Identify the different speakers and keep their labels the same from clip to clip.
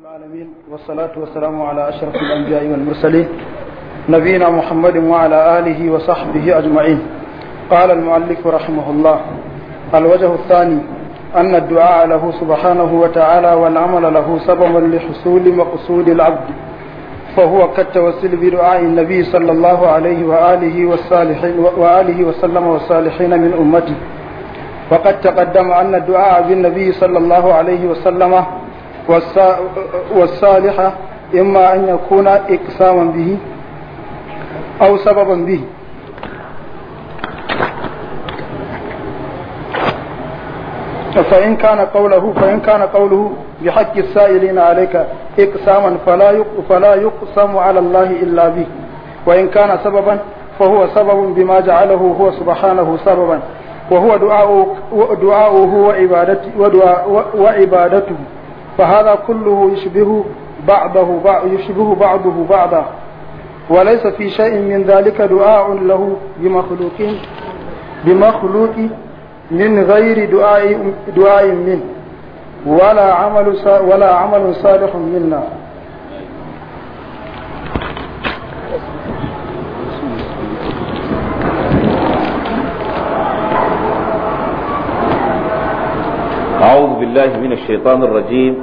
Speaker 1: العالمين والصلاة والسلام على أشرف الأنبياء والمرسلين نبينا محمد وعلى آله وصحبه أجمعين قال المؤلف رحمه الله الوجه الثاني أن الدعاء له سبحانه وتعالى والعمل له سببا لحصول مقصود العبد فهو كالتوسل بدعاء النبي صلى الله عليه وآله, والصالحين وآله وسلم والصالحين من أمته وقد تقدم أن الدعاء بالنبي صلى الله عليه وسلم والصالحة إما أن يكون إقساما به أو سببا به فإن كان قوله فإن كان قوله بحق السائلين عليك إقساما فلا فلا يقسم على الله إلا به وإن كان سببا فهو سبب بما جعله هو سبحانه سببا وهو دعاؤه وعبادته, ودعاء وعبادته فهذا كله يشبه بعضه بعض يشبه بعضه بعضا وليس في شيء من ذلك دعاء له بمخلوق بمخلوق من غير دعاء دعاء منه ولا عمل ولا عمل صالح منا
Speaker 2: أعوذ بالله من الشيطان الرجيم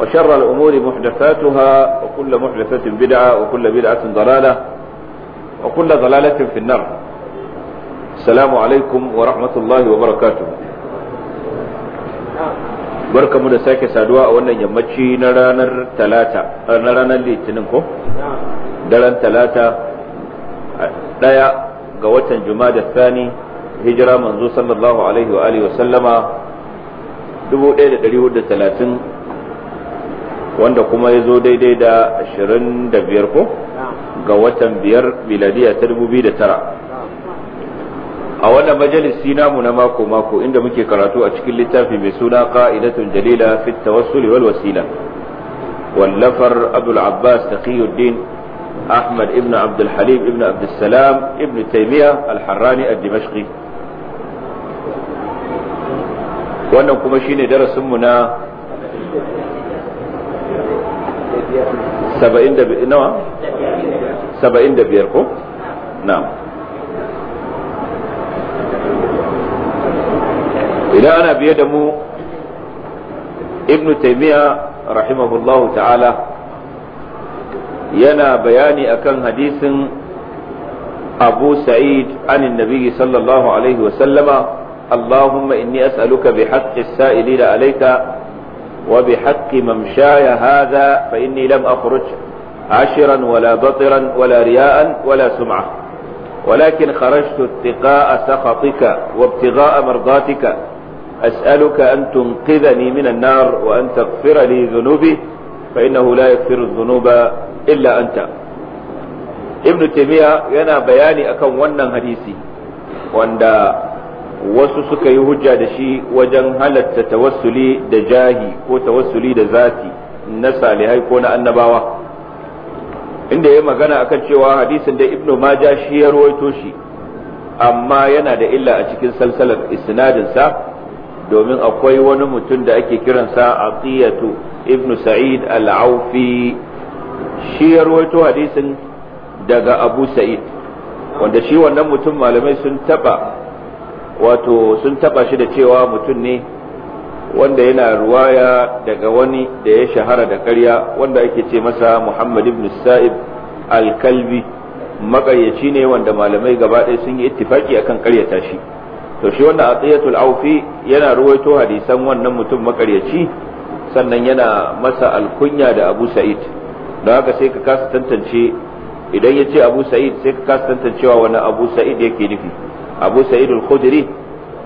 Speaker 2: وشر الأمور محدثاتها وكل محدثة بدعة وكل بدعة ضلالة وكل ضلالة في النار السلام عليكم ورحمة الله وبركاته barka mu da sake saduwa a wannan yammaci na ranar talata na ranar litinin ko daren talata daya ga watan juma da sani hijira manzo sallallahu alaihi wa alihi wa sallama wanda kuma ya zo daidai da 25 ko ga watan biyar miladiya ta
Speaker 3: 2009
Speaker 2: a wannan majalisi namu na mako mako inda muke karatu a cikin littafi mai suna qa'idatun jalila fi tawassuli wal wasila wallafar abdul abbas taqiyuddin ahmad ibn abdul halim ibn abd salam ibn taymiya al-harrani ad-dimashqi wannan kuma shine darasin mu na saba'in da biyar ko na'am idan ana biye da mu ibn taymiya rahimahullahu ta'ala yana bayani akan hadisin abu sa'id anin nabi sallallahu alaihi wasallama اللهم إني أسألك بحق السائلين عليك وبحق ممشاي هذا فإني لم أخرج عشرا ولا بطرا ولا رياء ولا سمعة ولكن خرجت اتقاء سخطك وابتغاء مرضاتك أسألك أن تنقذني من النار وأن تغفر لي ذنوبي فإنه لا يغفر الذنوب إلا أنت ابن تيمية ينا بياني أكون ونن هديسي وأن wasu suka yi hujja da shi wajen halatta tawassuli da jahi ko tawassuli da zati na salihai ko na annabawa inda ya magana akan cewa hadisin da ibnu maja shi ya rawaito shi amma yana da illa a cikin salsalar isnadinsa domin akwai wani mutum da ake kiransa aqiyatu ibnu sa'id al-aufi shi ya rawaito hadisin daga abu sa'id wanda shi wannan mutum malamai sun taba wato sun taba shi da cewa mutum ne wanda yana ruwaya daga wani da ya shahara da karya wanda ake ce masa Muhammad ibn Sa'ib al-Kalbi makayyaci ne wanda malamai gaba ɗaya sun yi ittifaki akan ƙaryata shi to shi wannan Atiyatul Aufi yana ruwaito hadisan wannan mutum makaryaci sannan yana masa alkunya da Abu Sa'id don haka sai ka kasa tantance idan ya ce Abu Sa'id sai ka kasa tantancewa wani Abu Sa'id yake nufi abu sa'id al-khudri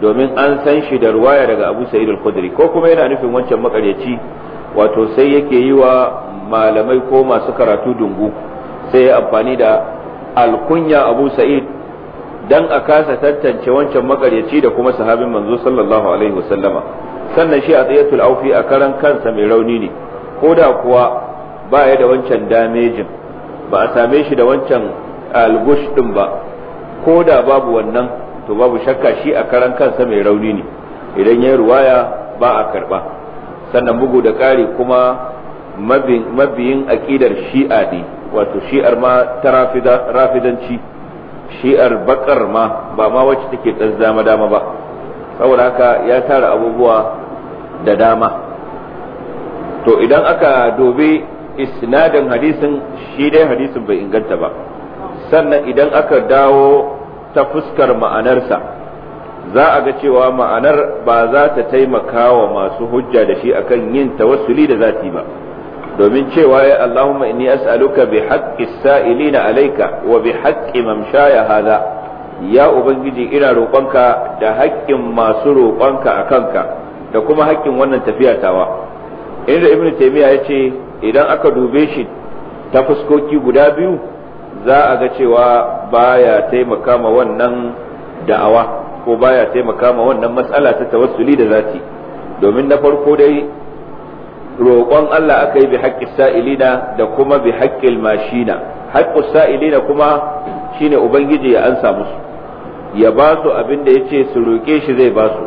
Speaker 2: domin an san shi da ruwaya daga abu sa'id al-khudri ko kuma yana nufin wancan makaryaci wato sai yake yi wa malamai ko masu karatu dungu sai ya amfani da alkunya abu sa'id dan a kasa tantance wancan makaryaci da kuma sahabin manzo sallallahu alaihi wasallama sannan shi a tsayatul aufi a karan kansa mai rauni ne ko da kuwa ba ya da wancan damejin ba a same shi da wancan algush din ba ko da babu wannan to babu shakka shi a karan kansa mai rauni ne idan ya ruwaya ba a karba sannan bugu da ƙari kuma mabiyin aƙidar shi'a ne wato shi'ar ma ta rafidanci shi'ar bakar ma ba ma wacce take ɗan dama dama ba saboda haka ya tara abubuwa da dama to idan aka dobe isnadin hadisin shi dai hadisin bai inganta ba sannan idan aka dawo ta fuskar ma'anarsa za a ga cewa ma'anar ba za ta taimaka wa masu hujja da shi akan yin tawassuli da zati ba domin cewa ya Allahumma inni as'aluka bi haqqi sa'ilina alayka wa bi haqqi mamshaya hadha ya ubangiji ina roƙonka da haƙƙin masu roƙonka a kanka da kuma haƙƙin wannan tafiya tawa inda ibnu taymiya ce idan aka dube shi ta fuskoki guda biyu za a ga cewa baya taimaka ma wannan da'awa ko baya taimaka ma wannan matsala ta tawassuli da zati domin na farko dai roƙon Allah aka yi bi haƙƙi sa'ilina da kuma bi haƙƙil mashina haƙƙi sa'ilina kuma shine ubangiji ya ansa musu ya ba su abin da ya ce su roƙe shi zai ba su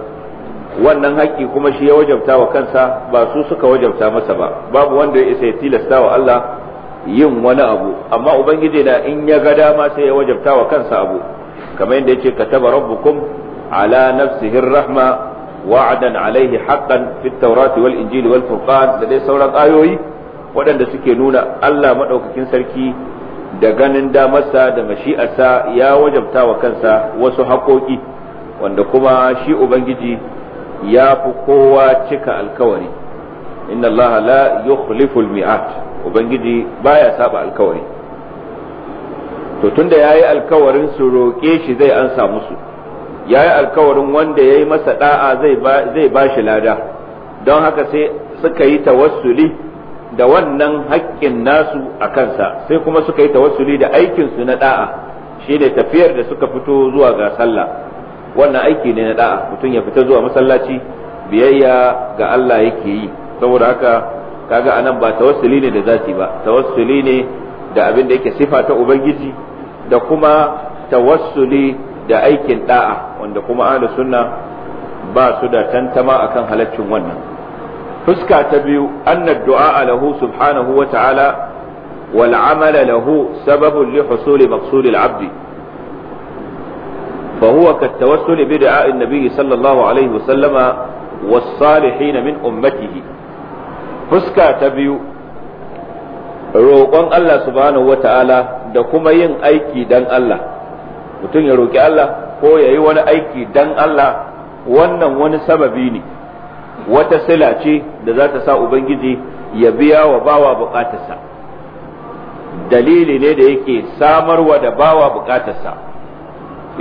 Speaker 2: wannan haƙƙi kuma shi ya wajabta wa kansa ba su suka wajabta masa ba babu wanda ya isa ya tilasta wa Allah yin wani abu amma ubangiji na in ya ga dama sai ya wajabta wa kansa abu kamar yadda yace kataba rabbukum ala nafsihi rahma wa'adan alaihi haqqan fit tawrati wal injili wal furqan da dai sauran ayoyi waɗanda suke nuna Allah madaukakin sarki da ganin damarsa da mashi'arsa ya wajabta wa kansa wasu haƙoƙi wanda kuma shi ubangiji ya fi kowa cika alkawari inna la yukhlifu miat ubangiji baya saba alkawari to tunda yi alkawarin su roƙe shi zai ansa musu yi alkawarin wanda ya yi masa ɗa'a zai ba shi lada don haka sai suka yi tawassuli da wannan haƙƙin nasu a kansa sai kuma suka yi tawassuli da aikinsu na na da'a ne tafiyar da suka fito zuwa ga sallah wannan aiki ne na ɗa'a mutum ya fita zuwa masallaci biyayya ga Allah yake yi saboda haka kaga anan ba tawassuli ne da zati ba tawassuli ne da abin da yake sifa ta ubangiji da kuma tawassuli da aikin da'a wanda kuma ahlus sunna ba su da tantama akan halaccin wannan fuska ta biyu anna du'a lahu subhanahu wa ta'ala wal lahu sababun li husuli maqsudil abdi فهو كالتوسل بدعاء النبي صلى الله عليه وسلم والصالحين من أمته fuska ta biyu roƙon Allah subhanahu ta’ala da kuma yin aiki dan Allah mutum ya roƙi Allah ko ya yi wani aiki dan Allah wannan wani sababi ne wata sila ce da za ta sa Ubangiji ya biya wa bawa buƙatarsa dalili ne da yake samarwa da bawa buƙatarsa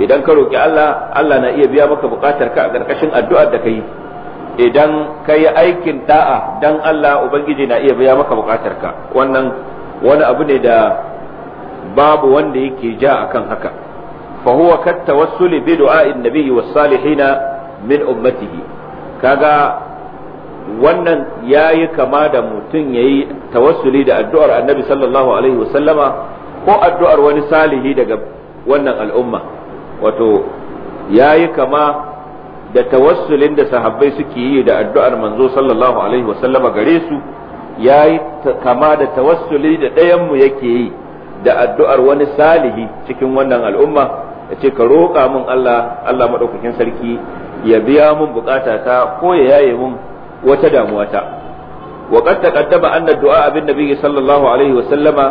Speaker 2: idan ka roƙi Allah Allah na iya biya maka bukatarka a ƙarƙashin addu'ar da ka yi idan ka yi aikin da'a dan Allah ubangiji na iya biya maka ka wannan wani abu ne da babu wanda yake ja a kan haka fahuwa huwa kat tawassuli bi du'a'in nabiyyi wa salihina min ummatihi kaga wannan ya yi kama da mutum ya yayi tawassuli da addu'ar annabi sallallahu alaihi wasallama ko addu'ar wani salihi daga wannan al'umma wato ya yi kama da tawassulin da sahabbai suke yi da addu'ar manzo sallallahu alaihi wasallama gare su ya yi kama da tawassuli da ɗayan mu yake yi da addu'ar wani salihi cikin wannan al'umma ya ce ka roƙa mun Allah Allah maɗaukakin sarki ya biya mun buƙata ta ko ya yaye mun wata damuwa ta wa qad taqaddama anna du'a abin nabi sallallahu alaihi wa sallama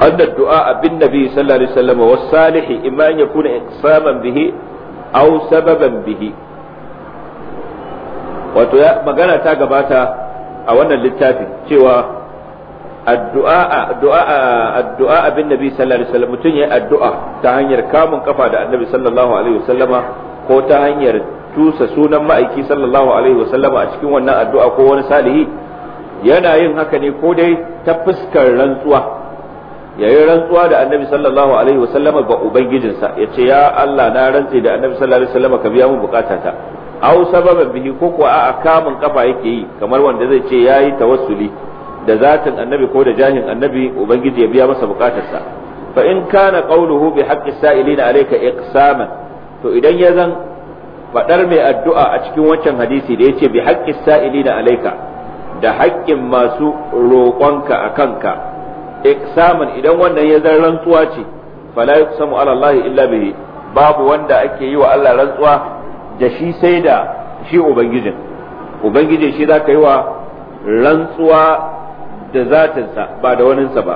Speaker 2: anna du'a abin nabi sallallahu alaihi wa sallama was salihi imma yakuna saman bihi au sababan bihi wato magana ta gabata a wannan littafi cewa addu'a addu'a addu'a abin nabi sallallahu alaihi wasallam mutun yayi addu'a ta hanyar kamun kafa da annabi sallallahu alaihi wasallama ko ta hanyar tusa sunan ma'aiki sallallahu alaihi wasallama a cikin wannan addu'a ko wani salihi yana yin haka ne ko dai ta fuskar rantsuwa yayin rantsuwa da annabi sallallahu alaihi wasallam ga ubangijinsa ya ce ya Allah na rantse da annabi sallallahu alaihi wasallam ka biya min bukatata au sababan bihi ko kuwa a'a kamun kafa yake yi kamar wanda zai ce yayi tawassuli da zatin annabi ko da jahin annabi ubangiji ya biya masa bukatarsa fa in kana qauluhu bi haqqi sa'ilina alayka iqsaman to idan ya zan fadar mai addu'a a cikin wancan hadisi da yace bi haqqi sa'ilina alayka da haƙƙin masu roƙonka a kanka iksaman idan wannan ya zan rantsuwa ce fala yuqsamu ala Allah illa bihi babu wanda ake yi wa Allah rantsuwa da shi sai da shi ubangijin ubangijin shi zaka yi wa rantsuwa da zatinsa ba da waninsa ba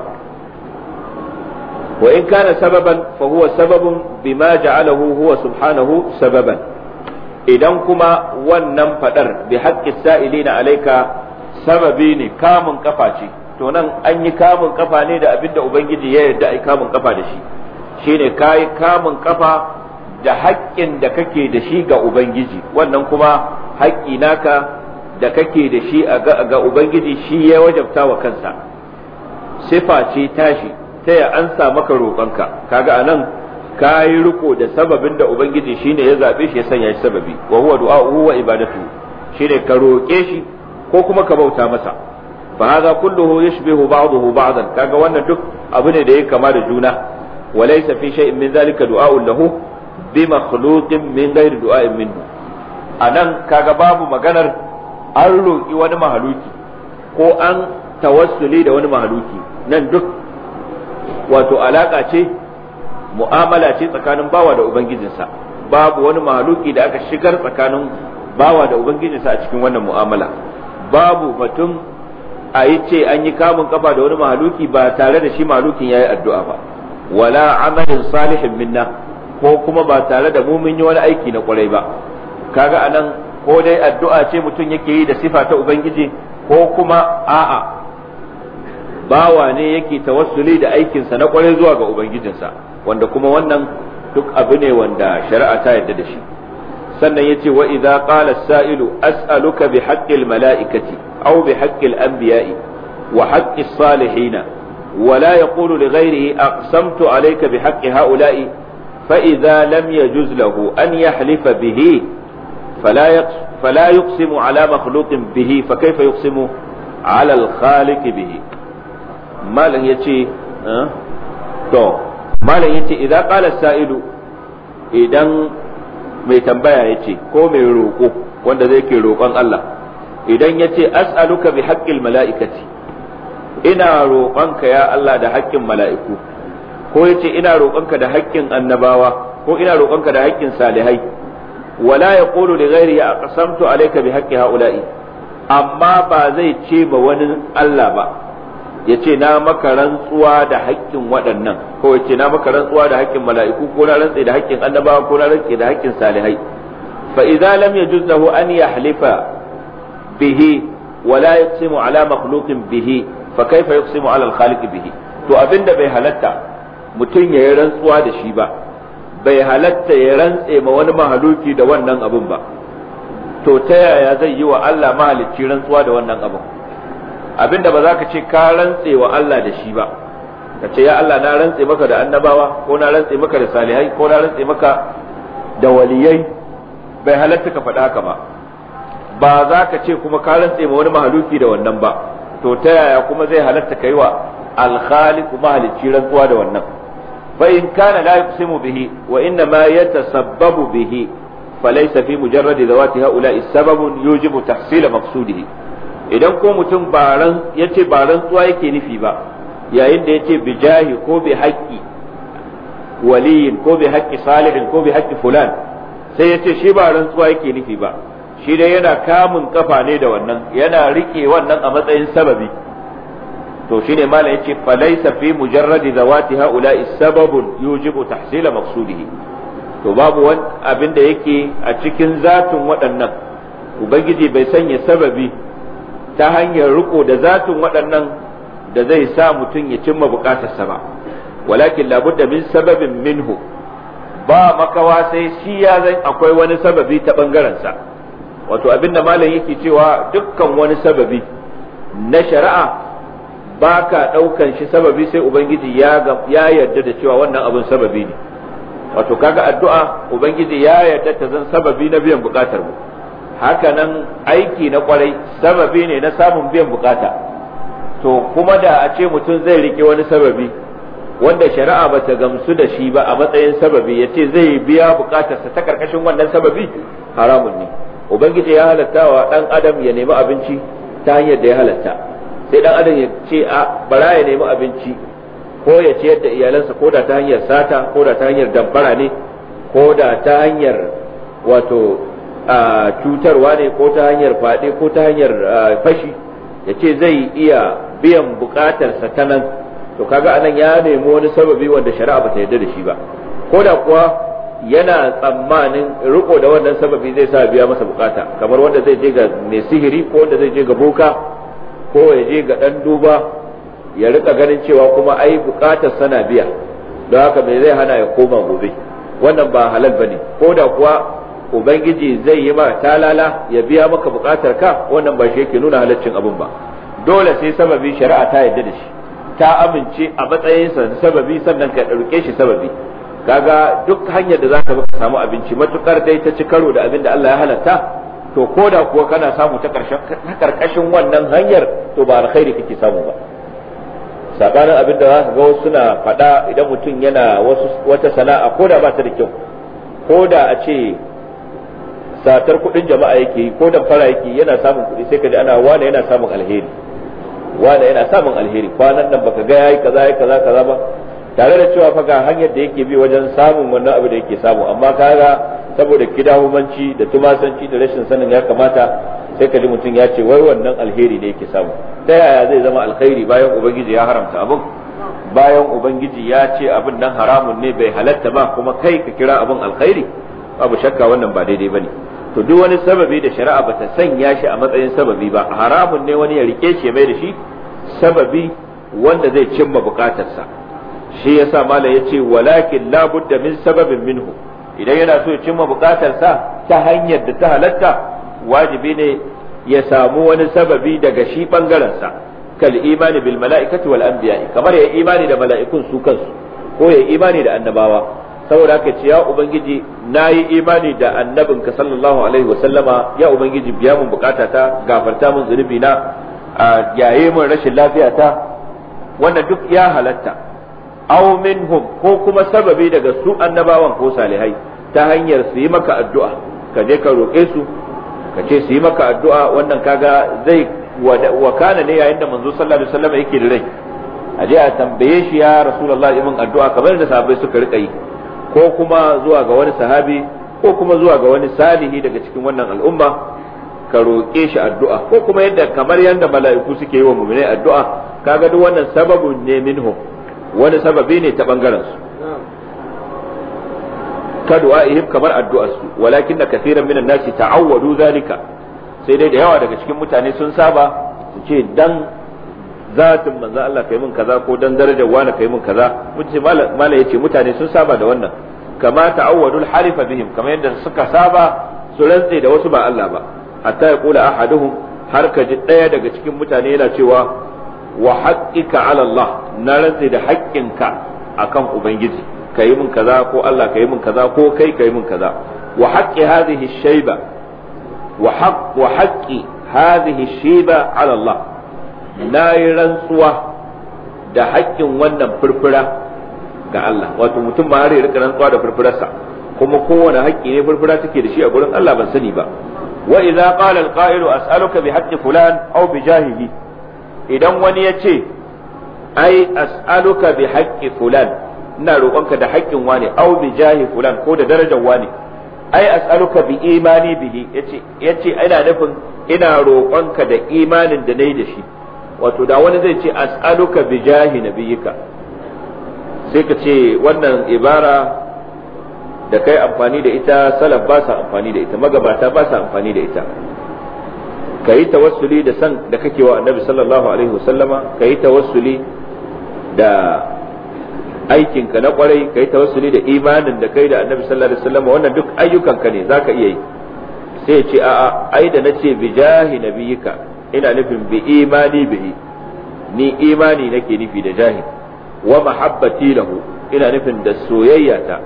Speaker 2: wa in kana sababan fa huwa sababun bima ja'alahu huwa subhanahu sababan idan kuma wannan fadar bi haqqi sa'ilina alayka sababi ne kamun kafa ce to nan an yi kamun kafa ne da abinda ubangiji ya yarda ai kamun kafa da shi shine kai kamun kafa da haƙƙin da kake da shi ga ubangiji wannan kuma haƙƙi naka da kake da shi ga ubangiji shi ya wajabta wa kansa sifa ce tashi ta ya an sa maka roƙonka kaga anan ka yi riko da sababin da ubangiji shine ya zaɓe shi ya sanya shi sababi wa huwa du'a wa ibadatu shine ka roƙe shi ko kuma ka bauta masa fa hadha kulluhu yushbihu ba'dahu ba'dan kaga wannan duk abu ne da yake kama da juna walaysa fi shay'in min zalika du'a'un lahu bi makhluqin min ghairi du'a'in minhu anan kaga babu maganar an roki wani mahaluki ko an tawassuli da wani mahaluki nan duk wato alaka ce mu'amala ce tsakanin bawa da ubangijinsa babu wani mahaluki da aka shigar tsakanin bawa da ubangijinsa a cikin wannan mu'amala babu batun a yi ce an yi kamun kafa da wani mahaluki ba tare da shi mahalukin ya yi addu'a ba wala amalin salihin minna ko kuma ba tare da mumin yi wani aiki na kwarai ba kaga anan ko dai addu'a ce mutum yake yi da sifa ta ubangiji ko kuma a'a bawa ne yake tawassuli da aikinsa na kwarai zuwa ga ubangijinsa wanda kuma wannan duk abu ne wanda shari'a ta yarda da shi sannan yace wa idza qala as-sa'ilu as'aluka bi haqqil mala'ikati أو بحق الأنبياء وحق الصالحين ولا يقول لغيره أقسمت عليك بحق هؤلاء فإذا لم يجز له أن يحلف به فلا يقسم, فلا يقسم على مخلوق به فكيف يقسم على الخالق به ما لن يتي أه؟ ما لن يتي إذا قال السائل إذا mai tambaya ya ce ko mai roƙo wanda zai ke roƙon Allah idan ya ce as'aluka bi haƙƙil mala'ikati ina roƙonka ya Allah da haƙƙin mala'iku ko ya ce ina roƙonka da haƙƙin annabawa ko ina roƙonka da haƙƙin salihai wala ya ƙulu da gairi ya aqsamtu alayka bi haƙƙi haula'i amma ba zai ce ba wani Allah ba ya ce na maka rantsuwa da haƙƙin waɗannan ko ya ce na maka rantsuwa da haƙƙin mala'iku ko na rantse da haƙƙin annabawa ko na rantsi da haƙƙin salihai fa idza lam yajuz lahu an yahlifa bihi wala يقسم على مخلوق bihi fa يقسم على الخالق به تو bihi to abinda bai halatta mutum ya yi rantsuwa da shi ba bai halatta ya rantse ma wani mahaluki da wannan abin ba to ta yaya zai yi wa Allah mahalicci rantsuwa da wannan abin abinda ba za ka ce ka rantse wa Allah da shi ba ka ce ya Allah na rantse maka da annabawa ko na rantse maka da salihai ko na rantse maka da waliyai bai halatta ka faɗa haka ba ba za ka ce kuma ka rantse ma wani mahaluki da wannan ba to ta yaya kuma zai halatta kai wa alkhaliqu mahalicci rantsuwa da wannan fa in kana la yuqsimu bihi wa inna ma yatasabbabu bihi falaysa fi mujarrad zawati haula'i sababun yujibu tahsil maqsudihi idan ko mutum ba yace ba rantsuwa yake nufi ba yayin da yace bijahi ko bi haqqi waliyin ko bi haqqi salihin ko bi haqqi fulan sai yace shi ba rantsuwa yake nufi ba shi dai yana kamun kafa ne da wannan yana rike wannan a matsayin sababi to shi ne mala yace laysa fi mujarradi zawati haula sababun yujibu tahsila maqsudihi to babu wani abin da yake a cikin zatun waɗannan ubangiji bai sanya sababi ta hanyar riko da zatun waɗannan da zai sa mutum ya cimma bukatarsa ba walakin labudda min sababin minhu ba makawa sai shi ya zai akwai wani sababi ta ɓangarensa wato abinda malam yake cewa dukkan wani sababi na shari'a ba ka ɗaukan shi sababi sai ubangiji ya yarda da cewa wannan abin sababi ne wato kaga addu'a ubangiji ya yarda ta zan sababi na biyan bukatar mu hakanan aiki na kwarai sababi ne na samun biyan bukata to kuma da a ce mutum zai rike wani sababi wanda shari'a ba ta gamsu da shi ba a matsayin sababi ya ce zai biya bukatarsa ta karkashin wannan sababi haramun ne ubangiji ya halatta wa dan adam ya nemi abinci ta hanyar da ya halatta sai dan adam ya ce a bara ya nemi abinci ko ya ciyar da iyalansa ko da ta hanyar sata ko da ta hanyar damfara ne ko da ta hanyar wato cutarwa ne ko ta hanyar faɗe ko ta hanyar fashi ya ce zai iya biyan bukatarsa ta nan to kaga anan ya nemi wani sababi wanda shari'a ba ta yarda da shi ba ko da kuwa yana tsammanin riko da wannan sababi zai sa biya masa bukata kamar wanda zai je ga mai sihiri ko wanda zai je ga boka ko ya je ga dan duba ya rika ganin cewa kuma ai bukatar sana biya don haka me zai hana ya koma gobe wannan ba halal bane ko da kuwa ubangiji zai yi ma talala ya biya maka bukatar ka wannan ba shi yake nuna halaccin abun ba dole sai sababi shari'a ta yadda da shi ta amince a matsayinsa sababi sannan ka ɗauke shi sababi kaga duk hanyar da zaka bi ka samu abinci matukar dai ta ci karo da abin da Allah ya halatta to ko da kuwa kana samu ta karkashin wannan hanyar to ba alkhairi kake samu ba sabanin abin da za ka ga wasu suna faɗa idan mutum yana wasu wata sana'a ko da ba ta da kyau ko da a ce satar kuɗin jama'a yake yi ko da fara yake yana samun kuɗi sai ka ji ana wani yana samun alheri wani yana samun alheri kwanan nan baka ga yayi kaza yayi kaza kaza ba tare da cewa fa hanyar da yake bi wajen samun wannan abu da yake samu amma kaga saboda kidahumanci da tumasanci da rashin sanin ya kamata sai ka ji mutum ya ce wai wannan alheri ne yake samu ta yaya zai zama alkhairi bayan ubangiji ya haramta abin bayan ubangiji ya ce abin nan haramun ne bai halatta ba kuma kai ka kira abin alkhairi babu shakka wannan ba daidai bane to duk wani sababi da shari'a bata sanya shi a matsayin sababi ba haramun ne wani ya rike shi mai da shi sababi wanda zai cimma bukatarsa shi yasa mala ce walakin la budda min sababin minhu idan yana so ya cimma bukatarsa ta hanyar da ta halatta wajibi ne ya samu wani sababi daga shi bangarensa kal imani bil mala'ikati wal anbiya'i kamar ya imani da mala'ikun su kansu ko ya imani da annabawa saboda haka ce ya ubangiji nayi imani da annabinka sallallahu alaihi wa sallama ya ubangiji biya mun bukatata gafarta mun zunubi na yaye mun rashin lafiya ta wannan duk ya halatta aw minhum ko kuma sababi daga su annabawan ko salihai ta hanyar su yi maka addu'a ka je ka roƙe su ka ce su yi maka addu'a wannan kaga zai wakana ne yayin da manzo sallallahu alaihi wasallam yake da rai a je a tambaye shi ya rasulullahi imin addu'a kamar da sahabbai suka rika yi ko kuma zuwa ga wani sahabi ko kuma zuwa ga wani salihi daga cikin wannan al'umma ka roƙe shi addu'a ko kuma yadda kamar yadda mala'iku suke yi wa mu'minai addu'a kaga duk wannan sababun ne minhum wani sababi ne ta bangaren su ka du'a'ihim kamar addu'ar su walakin da kafiran minan nasi ta'awwadu zalika sai dai da yawa daga cikin mutane sun saba su ce dan zatin manzo Allah kai mun kaza ko dan darajar wani kai mun kaza mutum mala yace mutane sun saba da wannan kama al harifa bihim kamar yadda suka saba su rantse da wasu ba Allah ba hatta ya kula ahaduhum har ka daya daga cikin mutane yana cewa wa haqqika ala Allah na rantse da haƙƙinka akan ubangiji kai min kaza ko Allah kai min kaza ko kai kai min kaza wa haqqi hadhihi shayba wa haqq na yi rantsuwa da wannan furfura ga Allah wato mutum ma har ya rika rantsuwa da furfurarsa kuma kowane haƙƙi ne furfura take da shi a gurin Allah ban sani ba wa idza qala al-qa'ilu as'aluka bi haqqi fulan aw bi jahihi idan wani ya ce ai as'aluka bi haqqi fulan ina roƙonka da haƙƙin wani au bi jahi fulan ko da darajar wani ai as'aluka bi imani bihi yace yace ina nufin ina roƙonka da imanin da nayi da shi wato da wani zai ce as'aluka bi jahi nabiyyika sai ka ce wannan ibara da kai amfani da ita salaf ba sa amfani da ita magabata ba sa amfani da ita ka yi tawassuli da san da kake wa annabi sallallahu alaihi wasallama ka yi tawassuli da aikinka na kwarai ka yi tawassuli da imanin da kai da annabi sallallahu alaihi wasallama wannan duk ayyukanka ne za ka iya yi sai ya ce a'a ai da nace bi jahi nabiyika ina nufin bi imani bihi ni imani nake nufi da jahi wa mahabbati lahu ina nufin da soyayyata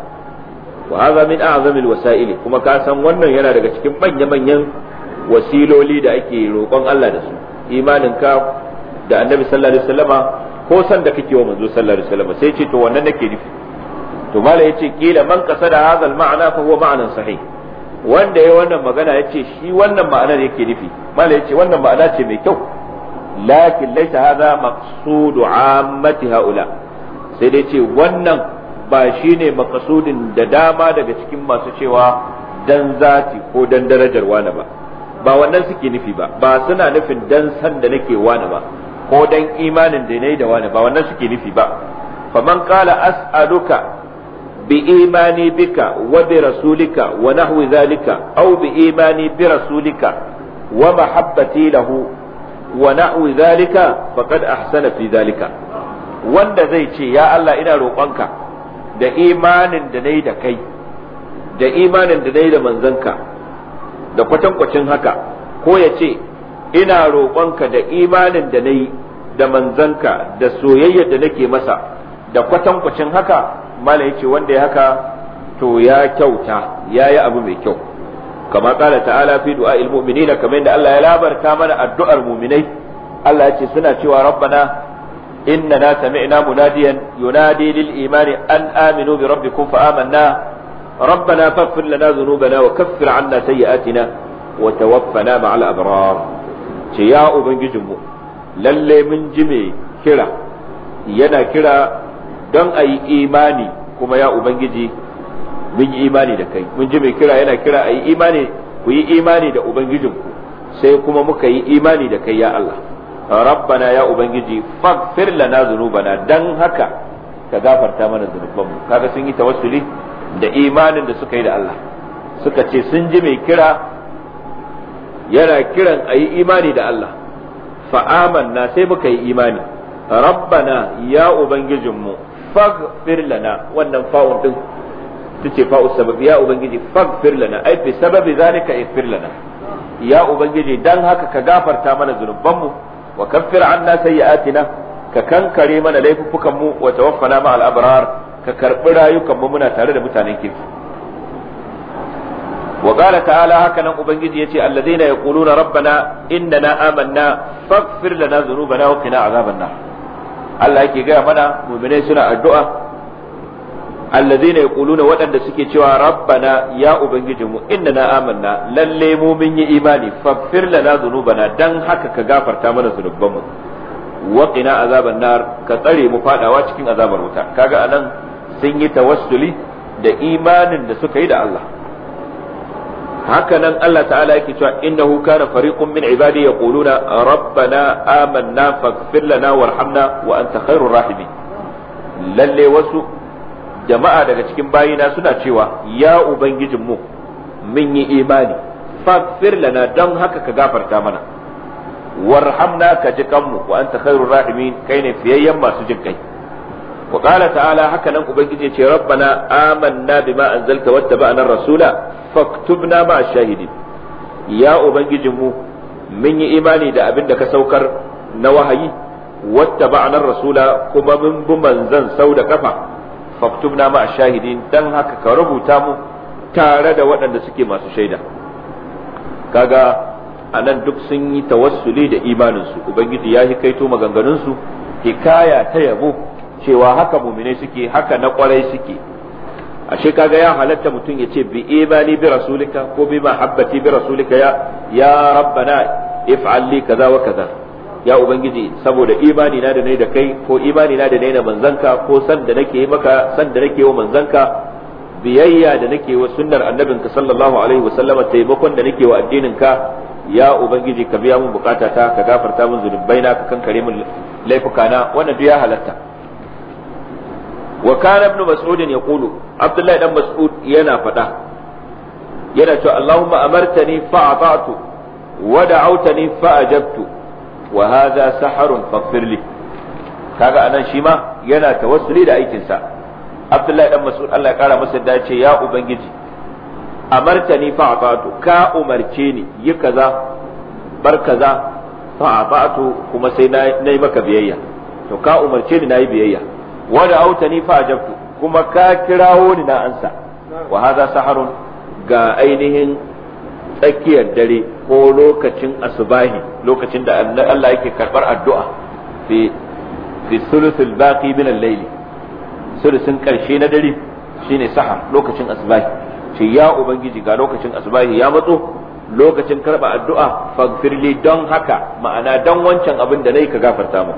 Speaker 2: wa hadha min a'zamil wasa'ili kuma ka san wannan yana daga cikin manya-manyan wasiloli da ake roƙon Allah da su imaninka da annabi sallallahu alaihi wasallama ko san da kake wa manzo sallallahu alaihi wasallama sai ce to wannan nake nufi to mala yace kila man kasa da al ma'ana fa huwa ma'nan sahih wanda yayi wannan magana yace shi wannan ma'anar yake nufi mala yace wannan ma'ana ce mai kyau lakin laysa hadha maqsudu ammati haula sai dai ce wannan ba shi ne maqsudin da dama daga cikin masu cewa dan zati ko dan darajar wani ba ba wannan suke nufi ba ba suna nufin dan san da nake wani ba ko dan imanin da nayi da wani ba wannan suke nufi ba faman qala as'aluka bi imani bika wa bi rasulika wa nahwi zalika aw bi imani bi rasulika wa mahabbati lahu wa nahwi zalika faqad ahsana fi zalika wanda zai ce ya Allah ina roƙonka da imanin da nayi da kai da imanin da nayi da manzanka da kwatankwacin haka ko ya ce ina roƙonka da imanin da na yi da manzanka da soyayyar da nake masa da kwatankwacin haka mala ya ce wanda ya haka to ya kyauta ya yi abu mai kyau kama kala ta'ala fi du'a ilmu'minina kamar yadda Allah ya labarta mana addu'ar muminai Allah ya ce suna cewa rabbana yunadi lil imani an aminu bi rabbikum fa amanna. ربنا فاغفر لنا ذنوبنا وكفر عنا سيئاتنا وتوفنا مع الأبرار يا أبنجمو للي من جمي كرا ينا كرا دم أي إيماني كما يا أبنجي من إيماني لكي من جمي كرا ينا كرا أي إيماني وي إيماني دا أبنجمكم sai kuma muka yi imani da kai ya Allah rabbana ya ubangiji faghfir lana dhunubana dan haka ka gafarta mana dhunubanmu kaga sun yi tawassuli da imanin da suka yi da Allah suka ce sun ji mai kira yana kiran a yi imani da Allah fa'aman na sai muka yi imani rabbana ya ubangijinmu faghfir lana wannan fa'un din ta ce fa'u sababi ya ubangiji faghfir lana ai fi sababi zalika ighfir lana ya ubangiji dan haka ka gafarta mana zunubanmu wa kaffir anna sayyi'atina ka kankare mana laifuffukan mu wa tawaffana ma al abrar ka karɓi rayukan mu muna tare da mutanen kirki wa qala ta'ala haka nan ubangiji yace alladheena yaquluna rabbana innana amanna faghfir lana dhunubana wa qina azaban nar Allah yake gaya mana mu'minai suna addu'a alladheena yaquluna waɗanda suke cewa rabbana ya ubangijinmu innana amanna lalle mu mun yi imani faghfir lana dhunubana dan haka ka gafarta mana zunubanmu wa qina azaban nar ka tsare mu fadawa cikin azabar wuta kaga anan sun yi tawassuli da imanin da suka yi da Allah hakanan Allah ta'ala yake cewa innahu kana fariqun min ibadi yaquluna rabbana amanna faghfir lana warhamna wa anta khairur rahimin lalle wasu jama'a daga cikin bayina suna cewa ya ubangijinmu mun yi imani faghfir lana don haka ka gafarta mana warhamna ka ji kanmu wa anta khairur rahimin kai ne fiyayyen masu jin kai wa qala ta'ala haka nan ubangiji ce rabbana amanna bima anzalta wattaba'na ar-rasula faktubna ma ash-shahidin ya ubangijin mu mun yi imani da abin da ka saukar na wahayi wattaba'na ar-rasula kuma mun bi manzan sau da kafa faktubna ma ash-shahidin dan haka ka rubuta mu tare da waɗanda suke masu shaida kaga anan duk sun yi tawassuli da imaninsu ubangiji ya hikaito maganganunsu hikaya ta yabo cewa haka muminai suke haka na kwarai suke ashe kaga ya halatta mutum ya ce bi imani bi rasulika ko bi mahabbati bi rasulika ya ya rabbana if'al li kaza wa kaza ya ubangiji saboda imani na da nai da kai ko imani na da nai da manzanka ko san da nake yi maka san da nake wa manzanka biyayya da nake wa sunnar annabinka sallallahu alaihi wa sallama taimakon da nake wa addininka ya ubangiji ka biya mun bukatata ka gafarta mun zunubaina ka kankare mun laifukana wannan duk ya halatta wa kana ibn mas'ud yaqulu abdullahi dan mas'ud yana fada yana cewa allahumma amartani fa ata'tu wa da'awtani fa ajabtu wa hadha saharun faghfir li kaga anan shi ma yana tawassuli da aikin sa abdullahi dan mas'ud Allah ya kara masa dace ya ubangiji amartani fa ata'tu ka umarce ni yi kaza bar kaza fa ata'tu kuma sai na yi maka biyayya to ka umarce ni na yi biyayya wada auta autani fa ajabtu kuma ka kirawo ni na ansa wa hadha saharun ga ainihin tsakiyar dare ko lokacin asubahi lokacin da Allah yake karbar addu'a fi fi sulusul baqi min al-layl sulusin karshe na dare shine saha lokacin asubahi ce ya ubangiji ga lokacin asubahi ya matso lokacin karba addu'a faghfirli don haka ma'ana don wancan abin da nayi ka gafarta mu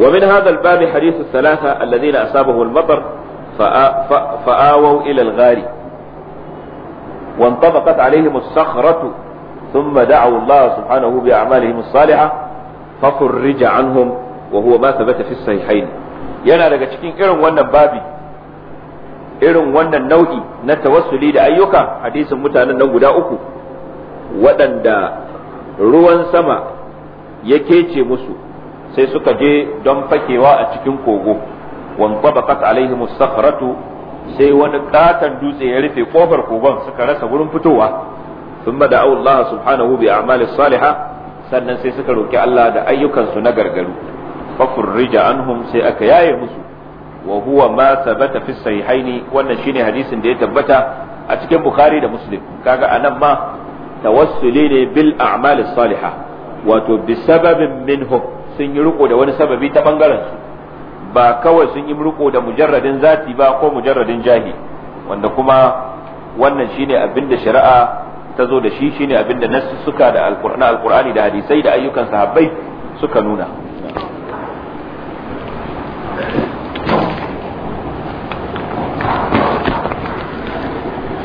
Speaker 2: ومن هذا الباب حديث الثلاثة الذين أصابهم المطر فآووا إلى الغار وانطبقت عليهم الصخرة ثم دعوا الله سبحانه بأعمالهم الصالحة ففرج عنهم وهو ما ثبت في الصحيحين yana daga cikin irin wannan babi irin wannan nau'i na tawassuli da ayyuka hadisin mutanen nan guda uku waɗanda ruwan sama ya kece musu sai suka je don fakewa a cikin kogo wanqabaqat alaihim as-sakhratu sai wani katon dutse ya rufe kofar kogon suka rasa wurin fitowa thumma da'u Allah subhanahu bi a'malis salihah sannan sai suka roki Allah da ayyukansu na gargaru fa furrija anhum sai aka yaye musu wa huwa ma thabata fi sahihaini wannan shine hadisin da ya tabbata a cikin bukhari da muslim kaga anan ma tawassuli ne bil a'malis salihah wato bi sababin minhum sun yi riko da wani sababi ta bangaren su ba kawai sun yi riko da mujarradin zati ba ko mujarradin jahi wanda kuma wannan shine abin da shari'a ta zo da shi shine abin da nassu suka da alqur'ani da hadisai da ayyukan sahabbai suka nuna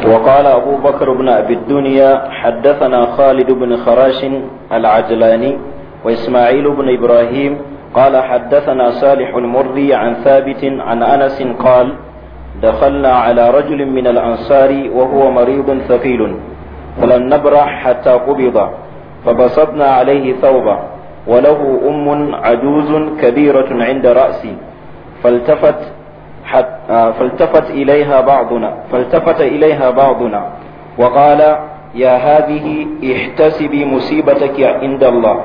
Speaker 4: وقال أبو بكر بن أبي الدنيا حدثنا خالد بن خراش العجلاني وإسماعيل بن إبراهيم قال حدثنا صالح المري عن ثابت عن أنس قال دخلنا على رجل من الأنصار وهو مريض ثقيل فلم نبرح حتى قبض فبسطنا عليه ثوبه وله أم عجوز كبيرة عند رأسي فالتفت حت فالتفت إليها بعضنا فالتفت إليها بعضنا وقال يا هذه احتسبي مصيبتك عند الله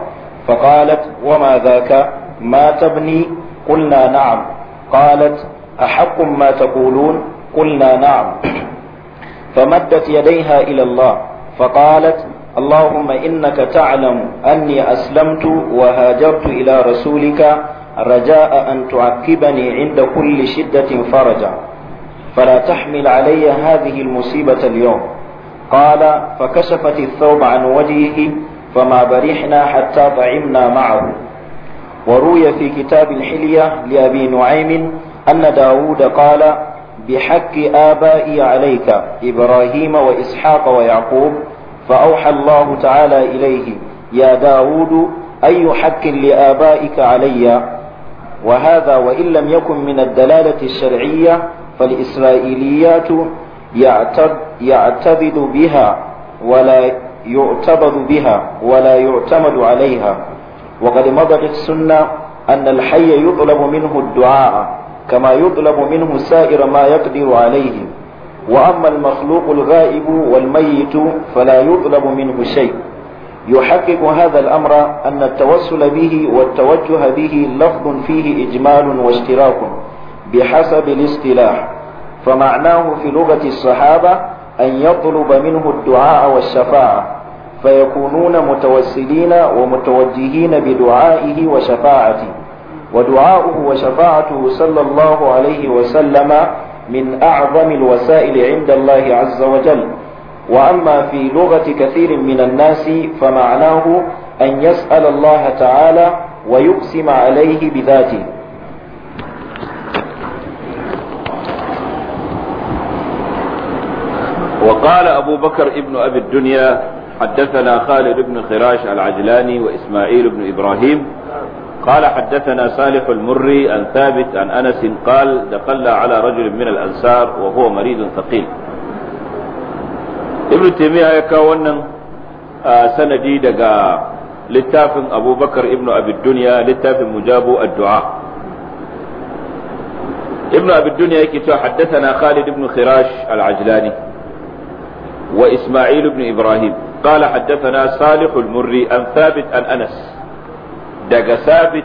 Speaker 4: فقالت وما ذاك ما تبني قلنا نعم قالت أحق ما تقولون قلنا نعم فمدت يديها إلى الله فقالت اللهم إنك تعلم أني أسلمت وهاجرت إلى رسولك رجاء أن تعقبني عند كل شدة فرجا فلا تحمل علي هذه المصيبة اليوم قال فكشفت الثوب عن وجهه فما برحنا حتى طعمنا معه وروي في كتاب الحلية لأبي نعيم أن داود قال بحق آبائي عليك إبراهيم وإسحاق ويعقوب فأوحى الله تعالى إليه يا داود أي حق لآبائك علي وهذا وإن لم يكن من الدلالة الشرعية فالإسرائيليات يعتد يعتبد بها ولا يعتبد بها ولا يعتمد عليها وقد مضت السنة أن الحي يطلب منه الدعاء كما يطلب منه سائر ما يقدر عليه وأما المخلوق الغائب والميت فلا يطلب منه شيء يحقق هذا الأمر أن التوسل به والتوجه به لفظ فيه إجمال واشتراك بحسب الاصطلاح فمعناه في لغة الصحابة أن يطلب منه الدعاء والشفاعة فيكونون متوسلين ومتوجهين بدعائه وشفاعته ودعاؤه وشفاعته صلى الله عليه وسلم من أعظم الوسائل عند الله عز وجل وأما في لغة كثير من الناس فمعناه أن يسأل الله تعالى ويقسم عليه بذاته
Speaker 2: وقال أبو بكر ابن أبي الدنيا حدثنا خالد بن خراش العجلاني وإسماعيل بن إبراهيم قال حدثنا صالح المري عن ثابت عن أنس قال دخلنا على رجل من الأنصار وهو مريض ثقيل ابن تيمية يكاونا آه، سندي دقا أبو بكر ابن أبي الدنيا mujabu مجاب الدعاء ابن أبي الدنيا haddathana حدثنا خالد بن خراش العجلاني وإسماعيل بن إبراهيم قال حدثنا صالح المري أن ثابت أن أنس دق ثابت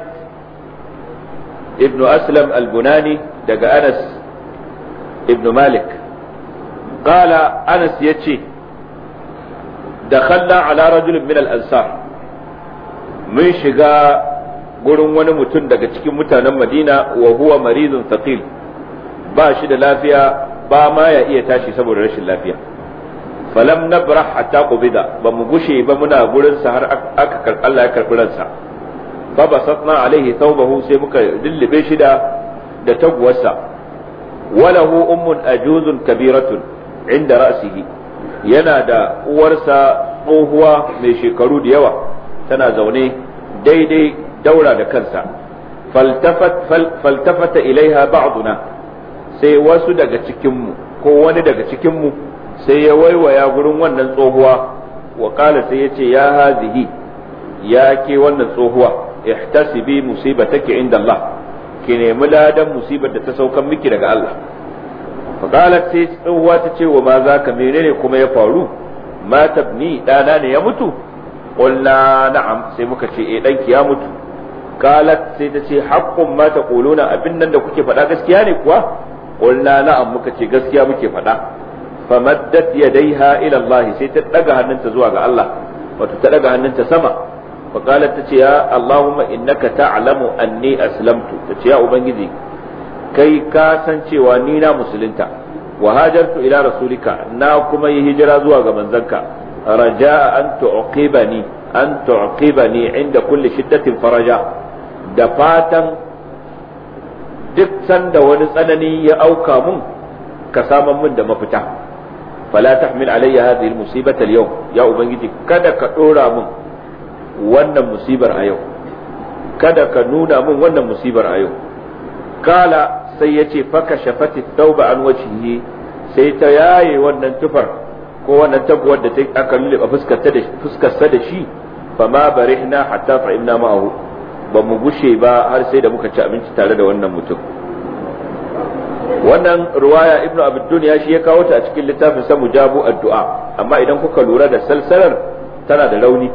Speaker 2: ابن أسلم البناني دق أنس ابن مالك قال أنس يتشي دخلنا على رجل من الأنصار من شقاء gurin wani mutum daga cikin mutanen Madina wa huwa maridun thaqil ba shi da lafiya ba ma ya iya tashi saboda rashin lafiya falam nabrah hatta qubida ba mu gushe ba muna gurin sa har aka Allah ya karbi ransa fa basatna alaihi thawbahu sai muka dillube shi da da taguwarsa walahu ummun ajuzun kabiratun inda ra'sihi yana da uwarsa tsohuwa mai shekaru da yawa tana zaune daidai daura da kansa faltafata ilaiha ba'duna sai wasu daga cikinmu ko wani daga cikinmu sai ya waiwaya gurin wannan tsohuwa wa kala sai ya ce ya hazihi ya ke wannan tsohuwa ihtasibi musibataki inda Allah ki nemi ladan musibar da ta saukan miki daga Allah fa kala sai tsohuwa ta ce wa ma za ka menene kuma ya faru ma tabni dana ne ya mutu qulna na'am sai muka ce eh danki ya mutu kalat sai ta ce haqqun ma taquluna abin nan da kuke faɗa gaskiya ne kuwa qulna na'am muka ce gaskiya muke faɗa famaddat yadaiha ila Allah sai ta daga hannunta zuwa ga Allah wato ta daga hannunta sama fa qalat ce ya Allahumma innaka ta'lamu anni aslamtu ta ce ya ubangiji kai ka san cewa ni na musulunta wa hajartu ila rasulika na kuma yi hijira zuwa ga manzanka raja'a an tu'qibani an tu'qibani inda kulli shiddatin faraja da fatan duk sanda wani tsanani ya auka mun ka saman mun da mafita fala tahmil alayya hadhihi almusibata alyawm ya ubangiji kada ka dora min wannan musibar a yau kada ka nuna min wannan musibar a yau kala sai yace faka shafati tauba an wajhihi sai ta yaye wannan tufar ko wannan tabuwar da aka lulluɓa fuskarsa da shi fa ma barihna hatta fa'imna ma'ahu ba mu gushe ba har sai da muka ci abinci tare da wannan mutum
Speaker 3: wannan
Speaker 2: ruwaya ibnu abid dunya shi ya kawo ta a cikin littafin sa mujabu addu'a amma idan kuka lura da salsalar tana da rauni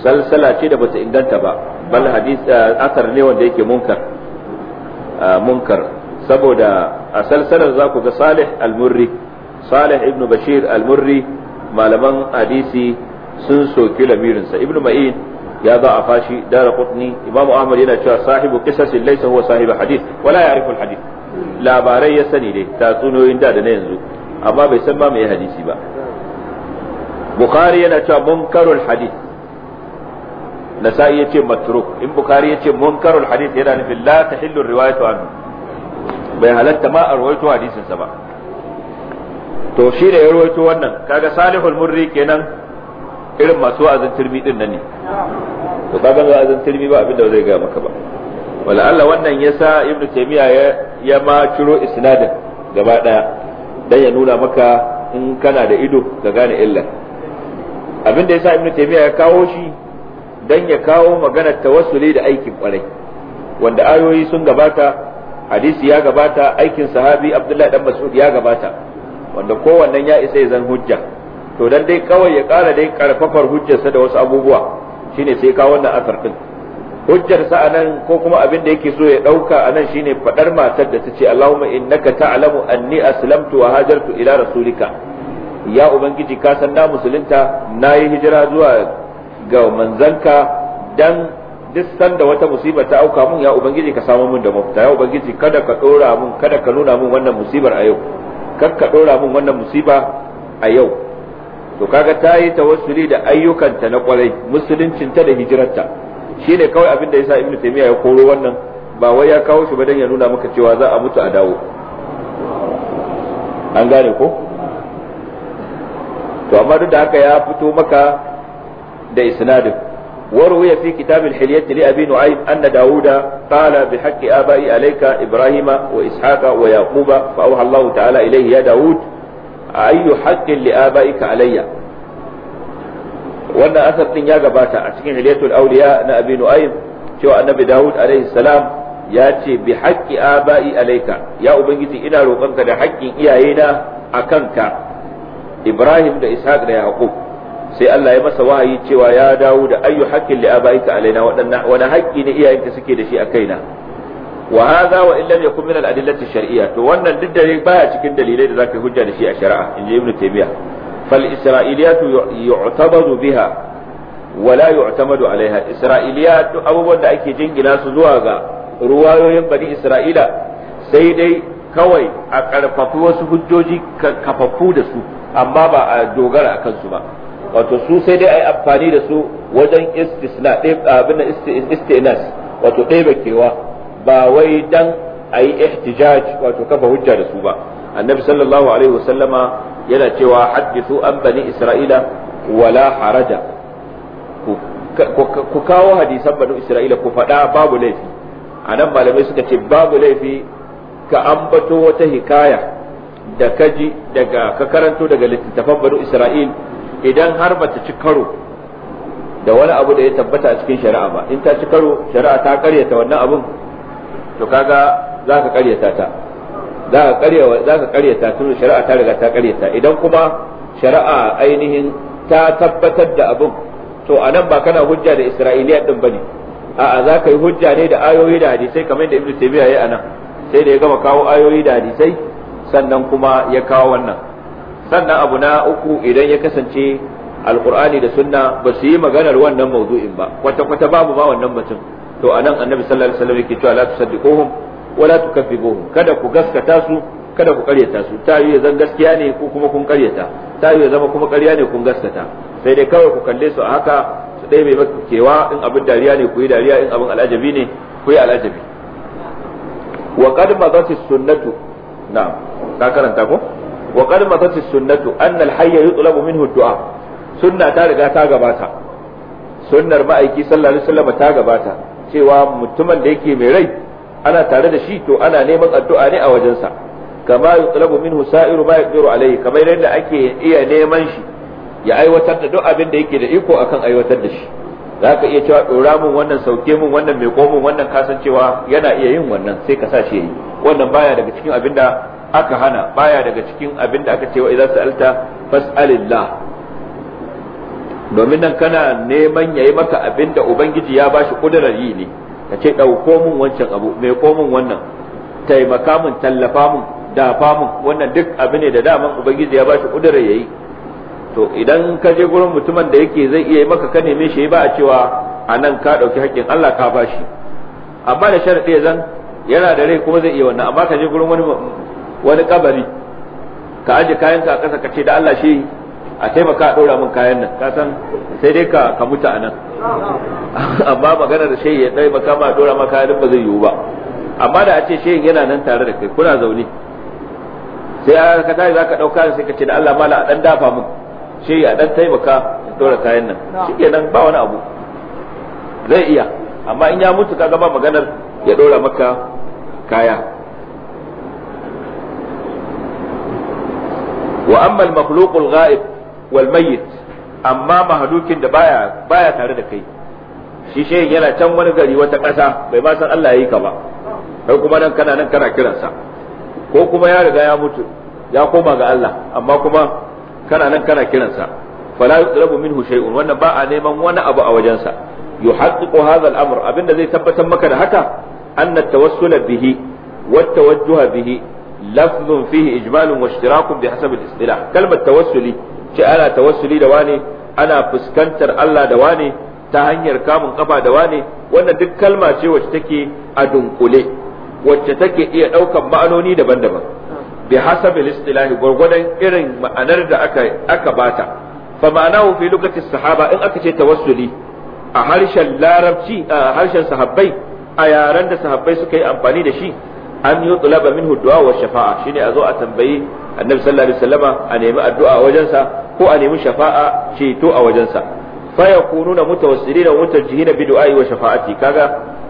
Speaker 2: salsala ce da bata inganta ba bal hadis eh, asar ne wanda yake munkar eh, munkar saboda a salsalar za ku ga salih al-murri salih ibnu bashir al-murri malaman hadisi sun soki lamirinsa ibnu ma'in ya za a fashi dara qutni imamu ahmad yana cewa sahibu qisasin laysa huwa sahibu hadith wala ya al-hadith labarai ya sani dai tatsuniyoyin da da na yanzu amma bai san ba mai hadisi ba bukhari yana cewa munkarul hadith nasa'i ce matruk in bukhari ce munkarul hadith yana nufin la tahillu riwayatu anhu bai halatta ma a rawaito hadisin ba to shi da ya rawaito wannan kaga salihul murri kenan irin masu wa'azin turmi din nan ne to kaga wa'azin turmi ba abin da zai ga maka ba wala Allah wannan yasa ibnu taymiya ya ya ma ciro isnadin gaba daya dan ya nuna maka in kana da ido ka gane illa abin da yasa ibnu taymiya ya kawo shi dan ya kawo maganar tawassuli da aikin kwarai wanda ayoyi sun gabata hadisi ya gabata aikin sahabi abdullahi dan mas'ud ya gabata wanda kowannen ya isa ya zan hujja to dan dai kawai ya kara dai karfafar hujjarsa da wasu abubuwa shine sai ka wannan asar din hujjarsa sa anan ko kuma abin da yake so ya dauka anan shine fadar matar da tace Allahumma innaka ta'lamu anni aslamtu wa hajartu ila rasulika ya ubangiji ka san na musulunta nayi hijira zuwa ga manzanka dan duk sanda wata musiba ta auka mun ya ubangiji ka samu mun da mafita ya ubangiji kada ka dora mun kada ka nuna mun wannan musibar a yau kar ka dora mun wannan musiba a yau to kaga ta yi tawassuli da ayyukanta na kwarai musuluncinta da hijirarta shine kawai abin da yasa ibnu taymiya ya koro wannan ba wai ya kawo shi ba dan ya nuna maka cewa za a mutu a dawo an gane ko to amma duk da haka ya fito maka da isnadin وروي في كتاب الحلية لأبي نعيم أن داود قال بحق آبائي عليك إبراهيم وإسحاق ويعقوب فأوحى الله تعالى إليه يا داود ayyu haqqin li alayya wannan asar din ya gabata a cikin hilyatul auliya na abi nu'aym cewa annabi daud alaihi salam ya ce bi haqqi abai alayka ya ubangiji ina roƙonka da haƙƙin iyayena akan ka ibrahim da ishaq da yaqub sai Allah ya masa wahayi cewa ya dawo da ayyu haqqin li abaika alaina wani haƙƙi ne iyayenka suke da shi a kaina wa hadha wa illam kun min al-adillati shar'iyya to wannan duk da baya cikin dalilai da zaka hujja da shi a shari'a in ji ibnu taymiya fal isra'iliyatu yu'tabadu biha wa la yu'tamadu alaiha isra'iliyat abubuwan da ake jingina su zuwa ga ruwayoyin bani isra'ila sai dai kawai a karfafi wasu hujjoji kafafu da su amma ba a dogara a kansu ba wato su sai dai a yi amfani da su wajen istisna abin istinas wato ɗaya bakewa ba wai dan a yi ihtijaj wato kafa hujja da su ba annabi sallallahu alaihi wasallama yana cewa haddithu an bani isra'ila wala haraja ku kawo hadisan bani isra'ila ku faɗa babu laifi a nan malamai suka ce babu laifi ka ambato wata hikaya da kaji daga ka karanto daga littattafan bani isra'il idan har bata ci karo da wani abu da ya tabbata a cikin shari'a ba in ta ci karo shari'a ta karyata wannan abun to kaga za ka karyata ta za ka karyata tun shari'a ta riga ta karyata idan kuma shari'a ainihin ta tabbatar da abin to anan ba kana hujja da isra'iliya din bane a'a za ka yi hujja ne da ayoyi da hadisai kamar da ibnu taymiya yayi anan sai da ya gama kawo ayoyi da hadisai sannan kuma ya kawo wannan sannan abu na uku idan ya kasance alkur'ani da sunna ba su yi maganar wannan mawdu'in ba kwata-kwata babu ma wannan mutum to anan annabi sallallahu alaihi wasallam yake cewa la tusaddiquhum wa la tukaththibuhum kada ku gaskata su kada ku karyata su ta yi zan gaskiya ne ko kuma kun karyata ta yi zama kuma karya ne kun gaskata sai dai kawai ku kalle su a haka su dai mai kewa in abin dariya ne ku yi dariya in abin alajabi ne ku yi alajabi wa qad madati sunnatu na'am ka karanta ko wa qad madati sunnatu an al hayy yutlabu minhu du'a sunna ta riga ta gabata sunnar ma'aiki sallallahu alaihi wasallam ta gabata cewa mutumin da yake mai rai ana tare da shi to ana neman addu'a ne a wajensa kama yutlabu minhu sa'iru ma yaqdiru alayhi kamar yadda ake iya neman shi ya aiwatar da duk abin da yake da iko akan aiwatar da shi za iya cewa ɗora mun wannan sauke mun wannan mai komo wannan kasancewa yana iya yin wannan sai ka sa shi yi wannan baya daga cikin abin da aka hana baya daga cikin abin da aka ce wa idza sa'alta fas'alillah domin nan kana neman yayi maka abin da ubangiji ya bashi kudurar yi ne ka ce ɗauko mun wancan abu mai komin wannan taimaka mun tallafa mun dafa mun wannan duk abu ne da daman ubangiji ya bashi kudurar yayi to idan ka je gurin mutumin da yake zai iya maka ka neme shi ba a cewa a nan ka ɗauki haƙƙin Allah ka bashi amma da sharaɗi zan yana da rai kuma zai iya wannan amma ka je gurin wani wani kabari ka aje kayanka a ƙasa ka ce da Allah shi a taimaka a ɗora min kayan nan ka san sai dai ka ka mutu anan amma magana da shehi ya taimaka ma a ɗora ma kayan ba zai yiwu ba amma da a ce shehin yana nan tare da kai kuna zaune sai a ka tashi za ka ɗauka sai ka ce da Allah mala a ɗan dafa min shehi a ɗan taimaka ɗora kayan nan shikenan ba wani abu zai iya amma in ya mutu ka gaba maganar ya ɗora maka kaya wa amma al-makhluq al-ghaib wal amma mahalukin da baya baya tare da kai shi shehin yana can wani gari wata ƙasa bai ma san Allah ya yi ka ba kai kuma nan kana nan kana kiransa ko kuma ya riga ya mutu ya koma ga Allah amma kuma kana nan kana kiransa fala min minhu shay'un wannan ba a neman wani abu a wajensa yuhaqqiqu hadha al-amr abinda zai tabbatar maka da haka anna tawassula bihi wa tawajjuha bihi lafzun fihi ijmalun wa ishtirakun bi hasab al-istilah kalmat tawassuli ce ana tawassuli da wane ana fuskantar Allah da wane ta hanyar kamun kafa da wane wannan duk kalma ce wacce take a dunkule wacce take iya ɗaukan ma'anoni daban-daban bi hasabi istilahi gwargwadon irin ma'anar da aka aka bata fa ma'anahu fi lokacin sahaba in aka ce tawassuli a harshen larabci a harshen sahabbai a yaren da sahabbai suka yi amfani da shi an yutlaba minhu du'a wa shafa'a shine a zo a tambayi annabi sallallahu alaihi wasallama a nemi addu'a a wajensa ko a nemi shafa'a ceto a wajensa fa yakununa da wa mutajjihina bi du'a'i wa shafa'ati kaga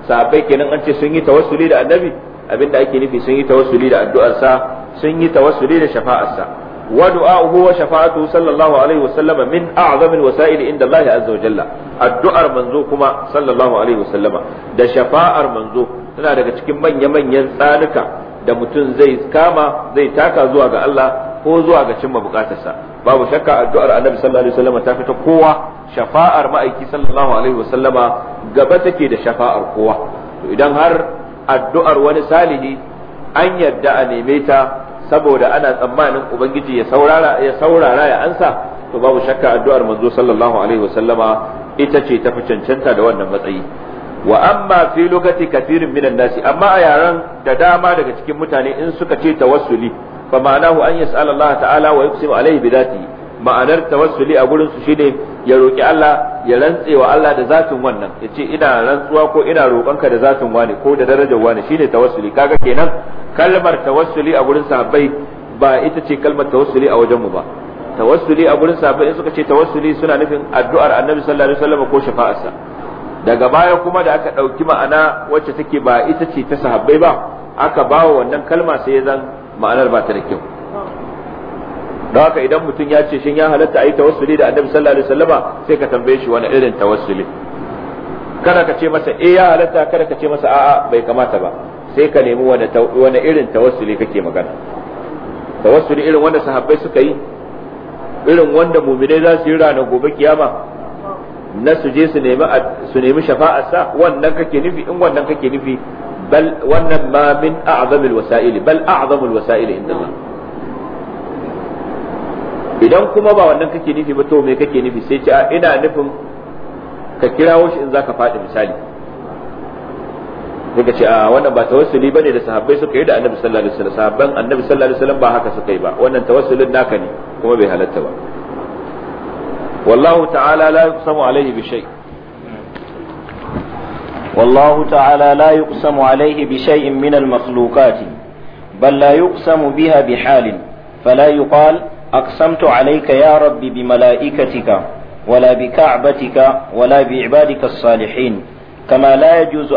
Speaker 2: sahabbai kenan an ce sun yi tawassuli da annabi abinda ake nufi sun yi tawassuli da addu'arsa sun yi tawassuli da shafa'arsa wa du'a'uhu wa shafa'atuhu sallallahu alaihi wa sallama min a'zamil wasa'il inda Allah azza wa jalla addu'ar manzo kuma sallallahu alaihi wa sallama da shafa'ar manzo tana daga cikin manya manyan tsanuka da mutum zai kama zai taka zuwa ga Allah ko zuwa ga cimma bukatarsa babu shakka addu'ar annabi sallallahu alaihi wasallama ta fita kowa shafa'ar ma'aiki sallallahu alaihi wasallama gaba take da shafa'ar kowa to idan har addu'ar wani salihi an yadda a neme ta saboda ana tsammanin ubangiji ya saurara ya saurara ya ansa to babu shakka addu'ar manzo sallallahu alaihi wasallama ita ce tafi cancanta da wannan matsayi wa amma fi lugati kathirin minan nasi amma a yaran da dama daga cikin mutane in suka ce tawassuli fa ma'anahu an yas'ala Allah ta'ala wa yuqsimu alaihi bi dhatihi ma'anar tawassuli a gurin su shine ya roki Allah ya rantse wa Allah da zatin wannan ya ce ina rantsuwa ko ina roƙonka da zatin wani ko da darajar wani shine tawassuli kaga kenan kalmar tawassuli a gurin sahabbai ba ita ce kalmar tawassuli a wajenmu ba tawassuli a gurin sahabbai in suka ce tawassuli suna nufin addu'ar annabi sallallahu alaihi wasallam ko shafa'arsa daga baya kuma da aka ɗauki ma'ana wacce take ba ita ce ta sahabbai ba aka ba wa wannan kalma sai ya zan ma'anar ba ta da kyau don haka idan mutum ya ce shin ya halatta a yi tawassuli da annabi sallallahu alaihi wasallama sai ka tambaye shi wani irin tawassuli kada ka ce masa eh ya halatta kada ka ce masa a'a bai kamata ba sai ka nemi wani irin tawassuli kake magana tawassuli irin wanda sahabbai suka yi irin wanda muminai za su yi ranar gobe kiyama na su je su nemi su nemi shafa'arsa wannan kake nufi in wannan kake nufi bal wannan ma min a'zamil wasa'ili bal a'zamul wasa'ili inda Allah idan kuma ba wannan kake nufi ba to me kake nufi sai ce ina nufin ka kirawo shi in zaka faɗi misali suka ce a ah, wannan ba tawassuli bane da sahabbai suka yi da annabi sallallahu alaihi wasallam sahabban annabi sallallahu alaihi wasallam ba haka suka yi ba wannan tawassulin naka ne kuma bai halatta ba wallahu ta'ala la yuqsamu alaihi bi shay
Speaker 4: والله تعالى لا bi عليه بشيء من المخلوقات بل لا يقسم بها بحال فلا يقال أقسمت عليك يا رب بملائكتك ولا بكعبتك ولا بعبادك الصالحين كما لا يجوز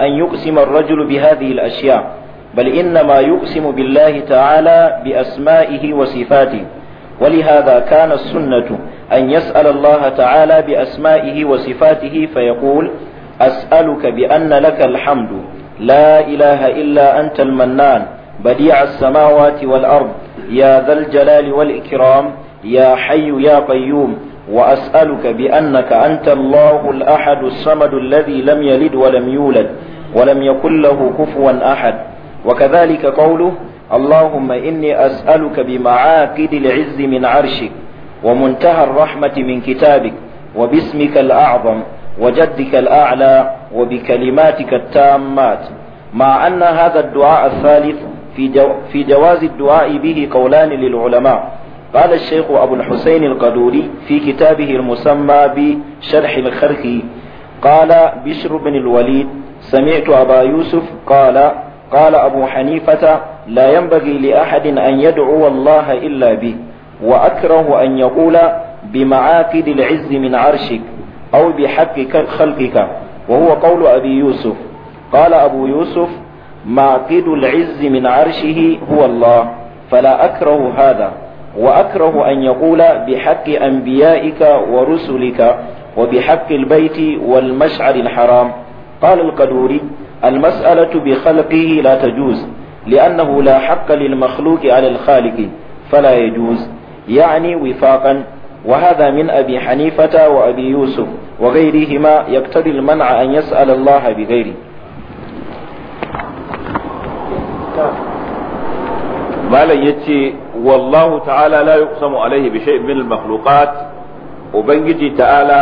Speaker 4: أن يقسم الرجل بهذه الأشياء بل إنما يقسم بالله تعالى بأسمائه وصفاته ولهذا كان السنة أن يسأل الله تعالى بأسمائه وصفاته فيقول أسألك بأن لك الحمد لا إله إلا أنت المنان بديع السماوات والأرض يا ذا الجلال والإكرام يا حي يا قيوم وأسألك بأنك أنت الله الأحد الصمد الذي لم يلد ولم يولد ولم يكن له كفوا أحد وكذلك قوله اللهم إني أسألك بمعاقد العز من عرشك ومنتهى الرحمة من كتابك وباسمك الأعظم وجدك الأعلى وبكلماتك التامات مع أن هذا الدعاء الثالث في, في جواز الدعاء به قولان للعلماء قال الشيخ أبو الحسين القدوري في كتابه المسمى بشرح الخرخي قال بشر بن الوليد سمعت أبا يوسف قال قال أبو حنيفة لا ينبغي لأحد أن يدعو الله إلا به وأكره أن يقول بمعاقد العز من عرشك أو بحق خلقك وهو قول أبي يوسف قال أبو يوسف معقد العز من عرشه هو الله فلا أكره هذا وأكره أن يقول بحق أنبيائك ورسلك وبحق البيت والمشعر الحرام قال القدوري المسألة بخلقه لا تجوز لأنه لا حق للمخلوق على الخالق فلا يجوز يعني وفاقا وهذا من أبي حنيفة وأبي يوسف وغيرهما يقتضي المنع أن يسأل الله بغيره malam yace wallahu
Speaker 2: ta'ala la yuqsamu alaihi bi shay'in min al-makhluqat ubangiji ta'ala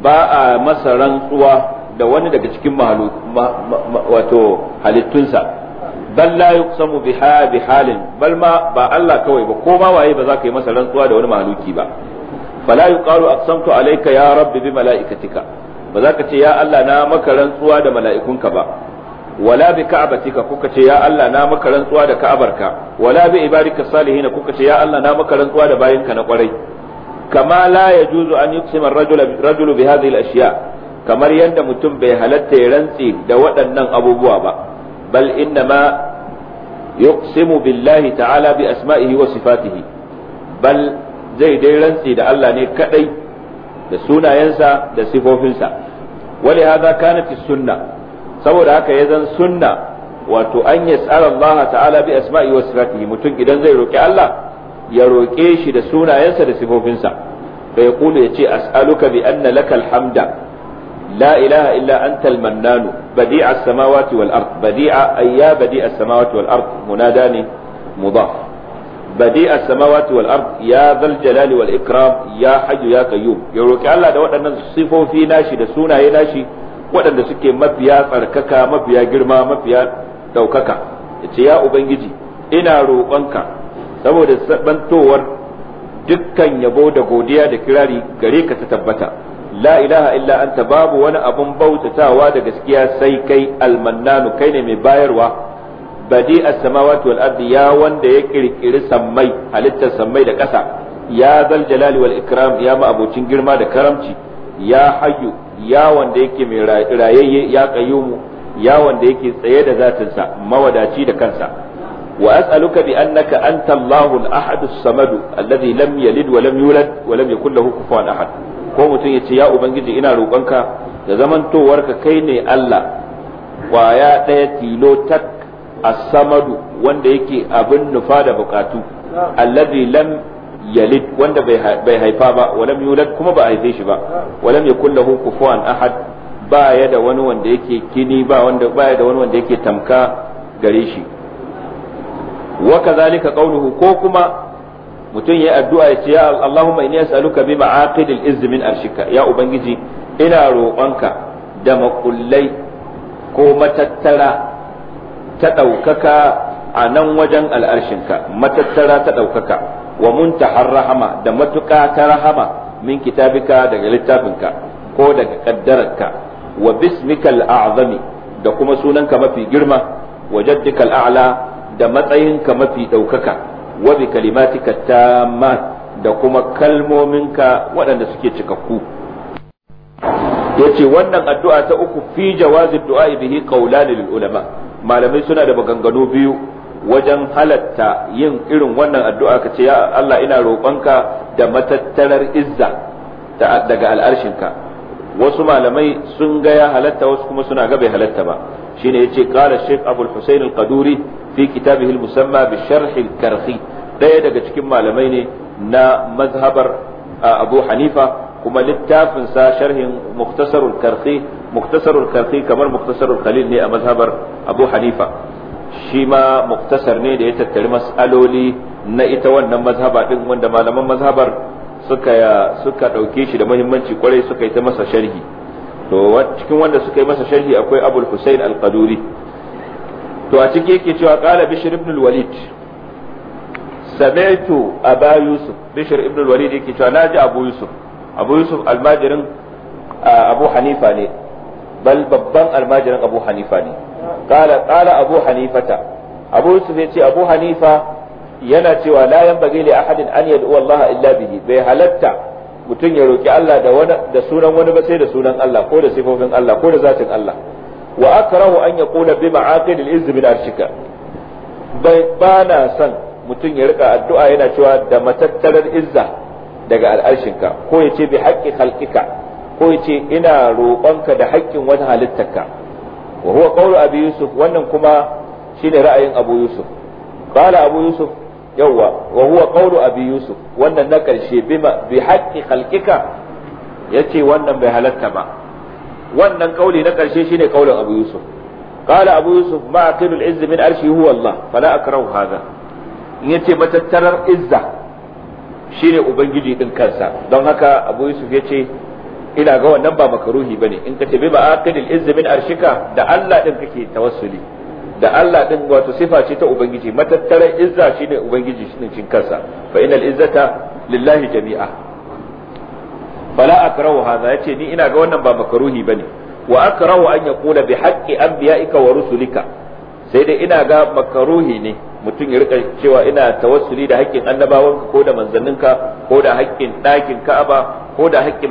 Speaker 2: ba a masa rantsuwa da wani daga cikin wato halittunsa bal la yuqsamu biha bi halin bal ma ba Allah kawai ba ko ba waye ba za ka yi masa rantsuwa da wani mahaluki ba fala yuqalu aqsamtu alayka ya rabbi bi malaikatika ba za ka ce ya Allah na maka rantsuwa da mala'ikunka ba wala bi ka'batika kuka ce ya Allah na maka rantsuwa da ka'abarka wala bi ibadika salihin kuka ce ya Allah na maka rantsuwa da bayinka na kwarai kama la yajuzu an yuqsima ar-rajulu bi hadhihi al-ashya kamar yadda mutum bai halatta ya rantsi da waɗannan abubuwa ba bal innama yuqsimu billahi ta'ala bi asma'ihi wa sifatihi bal zai dai rantsi da Allah ne kadai da sunayensa da sifofinsa ولهذا كانت السنه saboda haka ya zan sunna wato an yas'ala Allah ta'ala bi asma'i wa sifatihi mutum idan zai roki Allah ya roke shi da sunayensa da sifofinsa fa yaqulu yace as'aluka bi anna lakal hamda la ilaha illa anta al badi'a as-samawati wal ard badi'a ayya badi'a as-samawati wal ard munadani mudaf badi'a as-samawati wal ard ya dhal jalali wal ikram ya hayyu ya qayyum ya roki Allah da waɗannan sifofi nashi da sunaye nashi waɗanda suke mafiya tsarkaka mafiya girma mafiya ɗaukaka ya ce ya ubangiji ina roƙonka saboda sabantowar dukkan yabo da godiya da kirari gare ka ta tabbata la ilaha illa anta babu wani abun bautatawa da gaskiya sai kai almannanu kai ne mai bayarwa badi as-samawati wal ardi ya wanda ya kirkiri sammai halittar sammai da ƙasa ya zal jalali wal ikram ya ma abocin girma da karamci ya hayyu ya wanda yake mai rayayye ya qayyumu ya wanda yake tsaye da zatinsa mawadaci da kansa wa as'aluka bi annaka anta Allahu al-ahad as-samad alladhi lam yalid wa lam yulad wa lam yakul lahu kufuwan ahad ko mutum yace ya ubangiji ina roƙonka da zamantowarka kai ne Allah kwaya ɗaya tilo tak as-samadu wanda yake abin nufa da bukatu alladhi lam yalid wanda bai haifa ba walam yulad kuma ba haife shi ba walam yakul lahu kufuwan ahad ba ya da wani wanda yake kini ba wanda ba ya da wani wanda yake tamka gare shi wa kadhalika qawluhu ko kuma mutum ya addu'a ya ce ya Allahumma inni as'aluka bi ma'aqidil izz min arshika ya ubangiji ina roƙonka da makullai ko matattara ta ɗaukaka a nan wajen al'arshinka matattara ta ɗaukaka wa muntahar rahama da matuƙa ta rahama min kitabika daga littafinka ko daga kaddararka wa bismikal a'zami da kuma sunanka mafi girma wa jaddikal a'la da matsayinka mafi ɗaukaka wa bi kalimatika tammat da kuma kalmominka waɗanda suke cikakku yace wannan addu'a ta uku fi jawazi du'a bihi qawlan lil ulama malamai suna da maganganu biyu wajen halatta yin irin wannan addu'a ka ce Allah ina roƙonka da matattarar izza daga al'arshinka wasu malamai sun ga ya halatta wasu kuma suna ga bai halatta ba shine yace qala Sheikh Abdul Hussein Al-Qaduri fi kitabihi al-musamma bi sharh al daya daga cikin malamai ne na mazhabar Abu Hanifa kuma littafin sa sharhin Mukhtasarul karfi Mukhtasarul Karhi kamar muktasarul Khalil ne a mazhabar Abu Hanifa shi ma muktasar ne da ya tattari mas'aloli na ita wannan mazhaba din wanda malaman mazhabar suka suka dauke shi da muhimmanci kwarai suka yi ta masa sharhi to cikin wanda suka yi masa sharhi akwai Abul Husain Al-Qaduri to a cikin yake cewa qala Bishr ibn al-Walid sami'tu Aba Yusuf Bishr ibn al-Walid yake cewa naji Abu Yusuf Abu Yusuf almajirin Abu Hanifa ne bal babban almajirin Abu Hanifa ne qala qala abu hanifata abu yusuf yace abu hanifa yana cewa la yanbaghi li ahadin an yad'u Allah illa bihi bai halatta mutum ya roki Allah da wani da sunan wani ba sai da sunan Allah ko da sifofin Allah ko da zatin Allah wa akrahu an yaqula bi ma'aqid al-izz min arshika bai bana san mutum ya rika addu'a yana cewa da matattarar izza daga al'arshinka ko ya ce bi haƙƙi halƙika ko ya ce ina roƙonka da haƙƙin wani halittarka wa huwa qawlu abi yusuf wannan kuma shine ra'ayin abu yusuf qala abu yusuf yawwa wa huwa qawlu abi yusuf wannan na karshe bima bi haqqi khalqika yace wannan bai halatta ba wannan kauli na karshe shine kaulin abu yusuf qala abu yusuf ma aqidul izz min arshi huwa allah fala akrahu hadha yace matattarar izza shine ubangiji din kansa don haka abu yusuf yace ina ga wannan ba makaruhi bane in ka ce ba ma'aqidil izz min arshika da Allah din kake tawassuli da Allah din wato sifa ce ta ubangiji matattara izza shine ubangiji shine cin kansa fa inal izzata lillahi jami'a fala akrahu hadha yace ni ina ga wannan ba makaruhi bane wa akrahu an yaqula bi haqqi anbiya'ika wa rusulika sai dai ina ga makaruhi ne mutum ya rika cewa ina tawassuli da haƙƙin annabawanka ko da manzanninka ko da haƙƙin ɗakin ka'aba ko da haƙƙin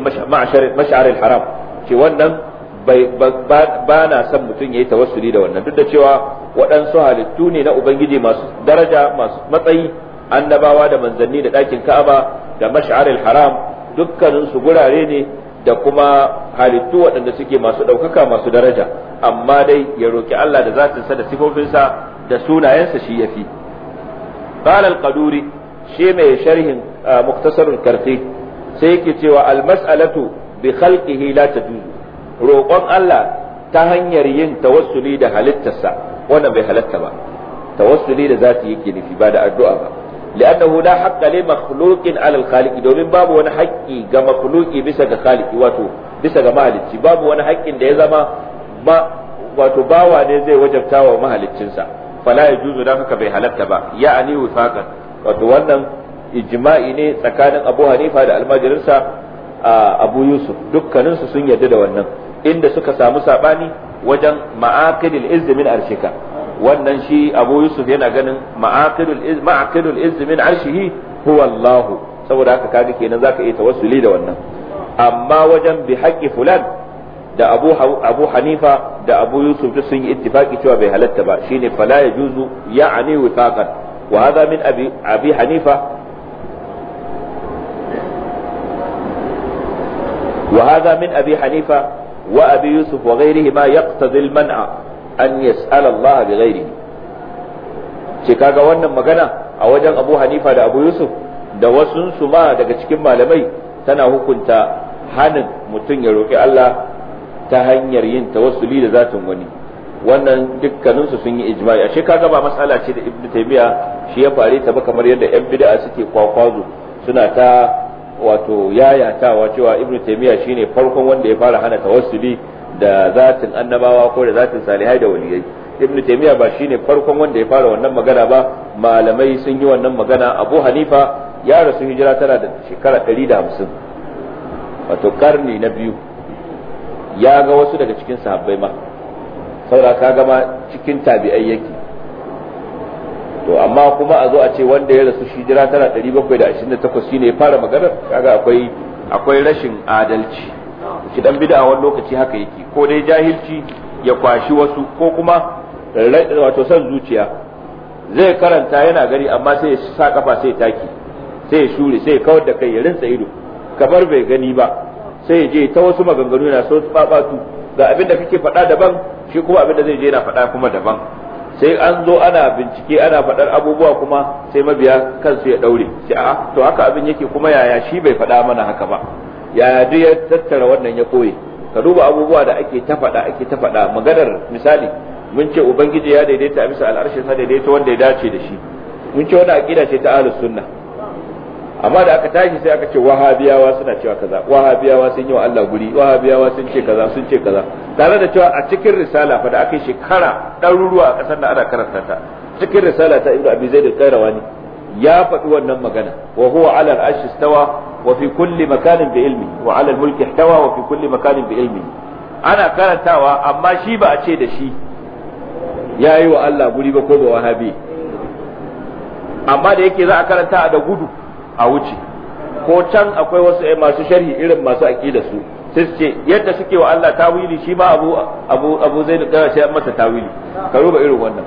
Speaker 2: mash'aril haram ce wannan ba na son mutum ya yi tawassuli da wannan duk da cewa waɗansu halittu ne na ubangiji masu daraja masu matsayi annabawa da manzanni da ɗakin ka'aba da mash'aril haram dukkaninsu gurare ne da kuma halittu waɗanda suke masu ɗaukaka masu daraja amma dai ya roƙi Allah da zatinsa da sifofinsa da sunayensa shi ya fi qala al-qaduri shi mai sharhin ah, muktasarul karti sai yake cewa almas'alatu bi khalqihi la tajuzu roƙon Allah ta hanyar yin tawassuli da halittarsa wanda bai halatta ba tawassuli da zati yake nufi ba da addu'a ba li'annahu la haqqa li makhluqin 'ala al-khaliq domin babu wani haƙƙi ga makhluqi bisa ga khaliqi wato bisa ga mahalicci babu wani haƙƙin da ya zama ba wato bawa ne zai wajabta wa mahaliccinsa fala yajuzu dan haka bai halatta ba ya'ani wifaqan wato wannan ijma'i ne tsakanin abu hanifa da almajirinsa abu yusuf dukkaninsu sun yarda da wannan inda suka samu saɓani wajen ma'aqidul izz arshika wannan shi abu yusuf yana ganin ma'aqidul izmin ma'aqidul izz arshihi huwa saboda haka kaga kenan zaka iya tawassuli da wannan amma wajen bi haƙƙi fulan da abu abu hanifa da abu yusuf duk sun yi ittifaki cewa bai halatta ba shine fala juzu ya wifaqan wa hadha min abi hanifa وهذا من أبي حنيفة وأبي يوسف وغيرهما يقتضي المنع أن يسأل الله بغيره شكاكا وانا مغانا أوجا أبو حنيفة دا يوسف da wasunsu ma daga cikin malamai tana hukunta hanin mutum ya roƙi Allah ta hanyar yin tawassuli da zatin wani wannan dukkaninsu sun yi ijma'i ashe kaga ba matsala ce da ibnu taymiya shi ya fare ta ba kamar yadda yan bid'a suke kwakwazo suna ta wato yayatawa cewa ibnu taymiya shine farkon wanda ya fara hana tawassuli da zatin annabawa ko da zatin salihai da waliyai ibnu taymiya ba shine farkon wanda ya fara wannan magana ba malamai sun yi wannan magana abu hanifa ya rasu hijira tana da shekara 150 wato karni na biyu ya ga wasu daga cikin sahabbai ma saboda ka gama cikin tabi'ai yake to amma kuma a zo a ce wanda ya rasu jira tana 728 shine ya fara magana kaga akwai akwai rashin adalci ki dan bid'a wani lokaci haka yake ko dai jahilci ya kwashi wasu ko kuma wato san zuciya zai karanta yana gari amma sai ya sa kafa sai ya taki sai ya shure sai ya kawar da kai ya rinsa ido kamar bai gani ba sai ya je ta wasu maganganu yana so babatu ga abin da kake faɗa daban shi kuma abin da zai je yana faɗa kuma daban sai an zo ana bincike ana faɗar abubuwa kuma sai mabiya kansu ya ɗaure sai a to haka abin yake kuma yaya shi bai faɗa mana haka ba yaya duk ya tattara wannan ya koye ka duba abubuwa da ake ta faɗa ake ta faɗa maganar misali mun ce ubangiji ya daidaita bisa al'arshin sa daidaita wanda ya dace da shi mun ce wannan aqida ce ta ahlus sunna amma da aka tashi sai aka ce wahabiyawa suna cewa kaza wahabiyawa sun yi wa Allah guri wahabiyawa sun ce kaza sun ce kaza tare da cewa a cikin risala fa da aka yi shekara ɗaruruwa a ƙasar da ana karanta ta cikin risala ta ibnu abi zaid al-qayrawani ya faɗi wannan magana wa huwa ala al ashi istawa wa fi kulli makanin bi ilmi wa ala al-mulki ihtawa wa fi kulli makanin bi ilmi ana karantawa amma shi ba a ce da shi yayi wa Allah guri ba ko ba wahabi amma da yake za a karanta da gudu a wuce ko can akwai wasu masu sharhi irin masu aqida su sai su ce yadda suke wa Allah tawili shi ba abu abu abu zaidu da shi masa tawili ka ruba irin wannan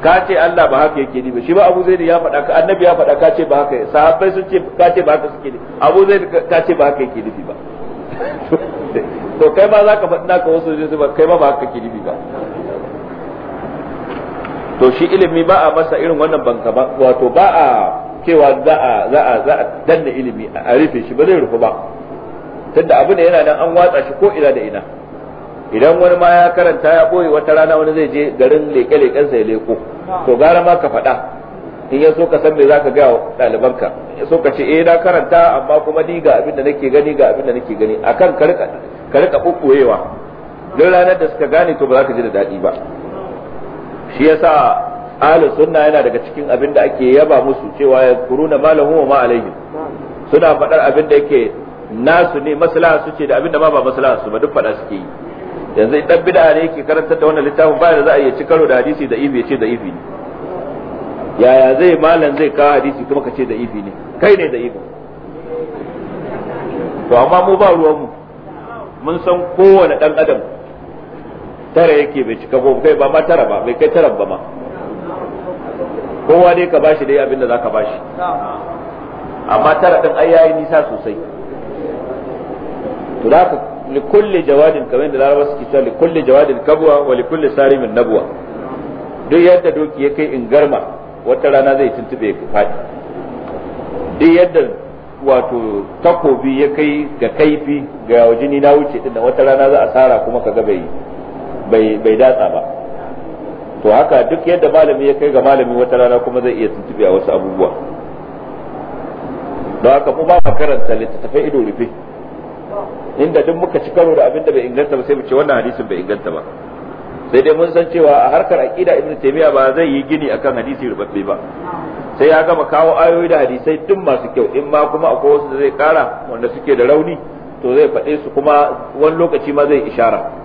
Speaker 2: ka ce Allah ba haka yake ni ba shi ba abu zaidu ya faɗa ka annabi ya faɗa ka ce ba haka sahabbai sun ce ka ce ba haka suke ni abu zaidu ka ce ba haka yake nufi ba to kai ma zaka faɗi naka wasu zai ba kai ma ba haka yake nufi ba to shi ilimi ba a masa irin wannan banka ba wato ba a cewa za a za a za a danna ilimi a rufe shi ba zai rufu ba tunda abu ne yana nan an watsa shi ko ina da ina idan wani ma ya karanta ya boye wata rana wani zai je garin leke leken sa ya leko to gara ma ka faɗa in ya so ka san me zaka ga ɗalibanka ya so ka ce eh na karanta amma kuma ni ga abin da nake gani ga abin da nake gani akan ka rika ka rika bubbuyewa duk ranar da suka gane to ba za ka ji da daɗi ba shi yasa ahlus sunna yana daga cikin abin da ake yaba musu cewa ya kuruna malahu wa ma suna faɗar abin da yake nasu ne maslaha su ce da abin da ma ba maslaha su ba duk faɗa suke yi yanzu ɗan bid'a ne yake karantar da wannan littafin ba da za a iya ci karo da hadisi da ibi ce da ibi ne yaya zai malam zai kawo hadisi kuma ka ce da ibi ne kai ne da ibi to amma mu ba ruwan mu mun san kowane dan adam tara yake bai cika ko kai ba ma tara ba bai kai tara ba ma
Speaker 3: kowa dai ka bashi
Speaker 2: dai abin da zaka bashi
Speaker 3: amma tara din
Speaker 2: ai yayi nisa sosai to zaka li kulli jawadin kamar da laraba suke cewa li kulli jawadin kabwa wa li kulli sarimin nabwa duk yadda doki ya kai in garma wata rana zai tuntube ya faɗi duk yadda wato takobi ya kai ga kaifi ga jini na wuce din wata rana za a sara kuma ka ga bai bai datsa ba to haka duk yadda malami ya kai ga malami wata rana kuma zai iya tuntube a wasu abubuwa don haka mu ba karanta littattafai ido rufe inda duk muka ci karo da abin da bai inganta ba sai mu ce wannan hadisin bai inganta ba sai dai mun san cewa a harkar aqida ibnu taymiya ba zai yi gini akan hadisi rubabbe ba sai ya gama kawo ayoyi da hadisai tun masu kyau in ma kuma akwai wasu da zai kara wanda suke da rauni to zai faɗe su kuma wani lokaci ma zai ishara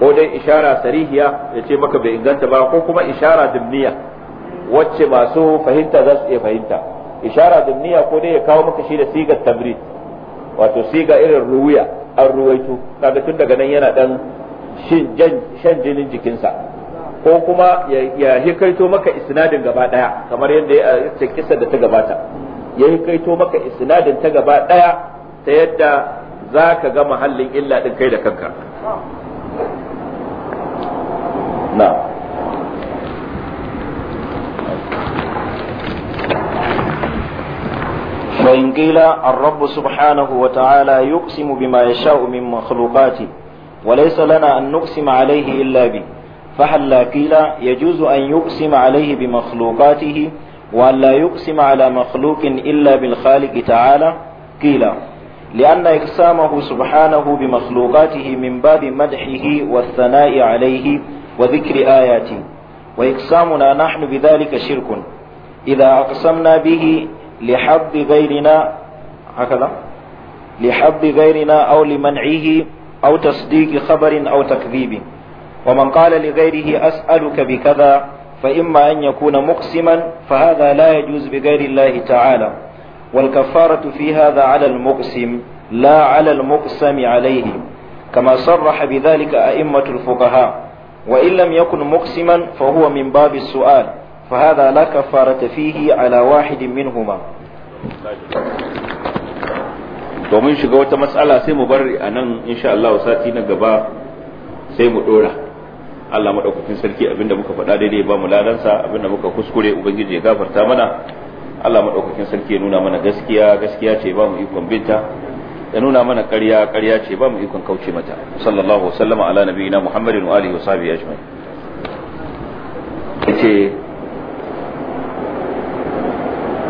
Speaker 2: ko dai ishara sarihiya ya ce maka bai inganta ba ko kuma ishara dimniya wacce masu fahimta za su iya fahimta ishara dimniya ko dai ya kawo maka shi da sigar tabri wato siga irin ruwiya an ruwaito kaga tun daga nan yana dan shan jinin jikinsa ko kuma ya hikaito maka isnadin gaba daya kamar yadda ya ce kisa da ta gabata ya hikaito maka isnadin ta gaba daya ta yadda za ka ga mahallin illa din kai da kanka نعم
Speaker 4: وإن قيل الرب سبحانه وتعالى يقسم بما يشاء من مخلوقاته وليس لنا أن نقسم عليه إلا به فهل لا قيل يجوز أن يقسم عليه بمخلوقاته وأن لا يقسم على مخلوق إلا بالخالق تعالى قيل لأن إقسامه سبحانه بمخلوقاته من باب مدحه والثناء عليه وذكر آياته وإقسامنا نحن بذلك شرك إذا أقسمنا به لحظ غيرنا هكذا لحظ غيرنا أو لمنعه أو تصديق خبر أو تكذيب ومن قال لغيره أسألك بكذا فإما أن يكون مقسما فهذا لا يجوز بغير الله تعالى والكفارة في هذا على المقسم لا على المقسم عليه كما صرح بذلك أئمة الفقهاء وإن لم يكن مقسما فهو من باب السؤال فهذا لا كفارة فيه على واحد منهما
Speaker 2: domin shiga wata matsala sai mu bar a nan insha Allah sati na gaba sai mu dora Allah madaukakin sarki abinda muka faɗa daidai ba mu ladansa abinda muka kuskure ubangiji ya gafarta mana Allah madaukakin sarki ya nuna mana gaskiya gaskiya ce ba mu ikon binta ya nuna mana ƙarya ƙarya ce ba mu ikon kauce mata sallallahu alaihi wasallama ala nabiyina muhammadin wa alihi wa sahbihi ajma'in yace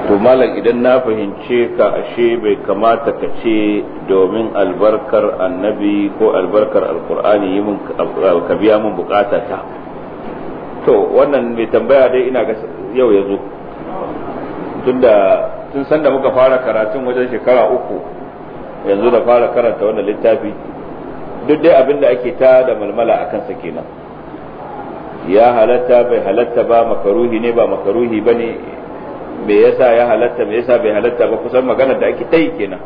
Speaker 2: to malam idan na fahimce ka ashe bai kamata ka ce domin albarkar annabi ko albarkar alqur'ani yi min ka biya mun bukata ta to wannan mai tambaya dai ina ga yau ya zo tun sanda muka fara karatun wajen shekara uku yanzu da fara karanta wannan littafi duk dai abin da ake ta da malmala a kansa kenan ya halatta bai halatta ba makaruhi ne ba makaruhi ba ne me yasa ya halatta me yasa bai halatta ba kusan maganar da ake ta yi kenan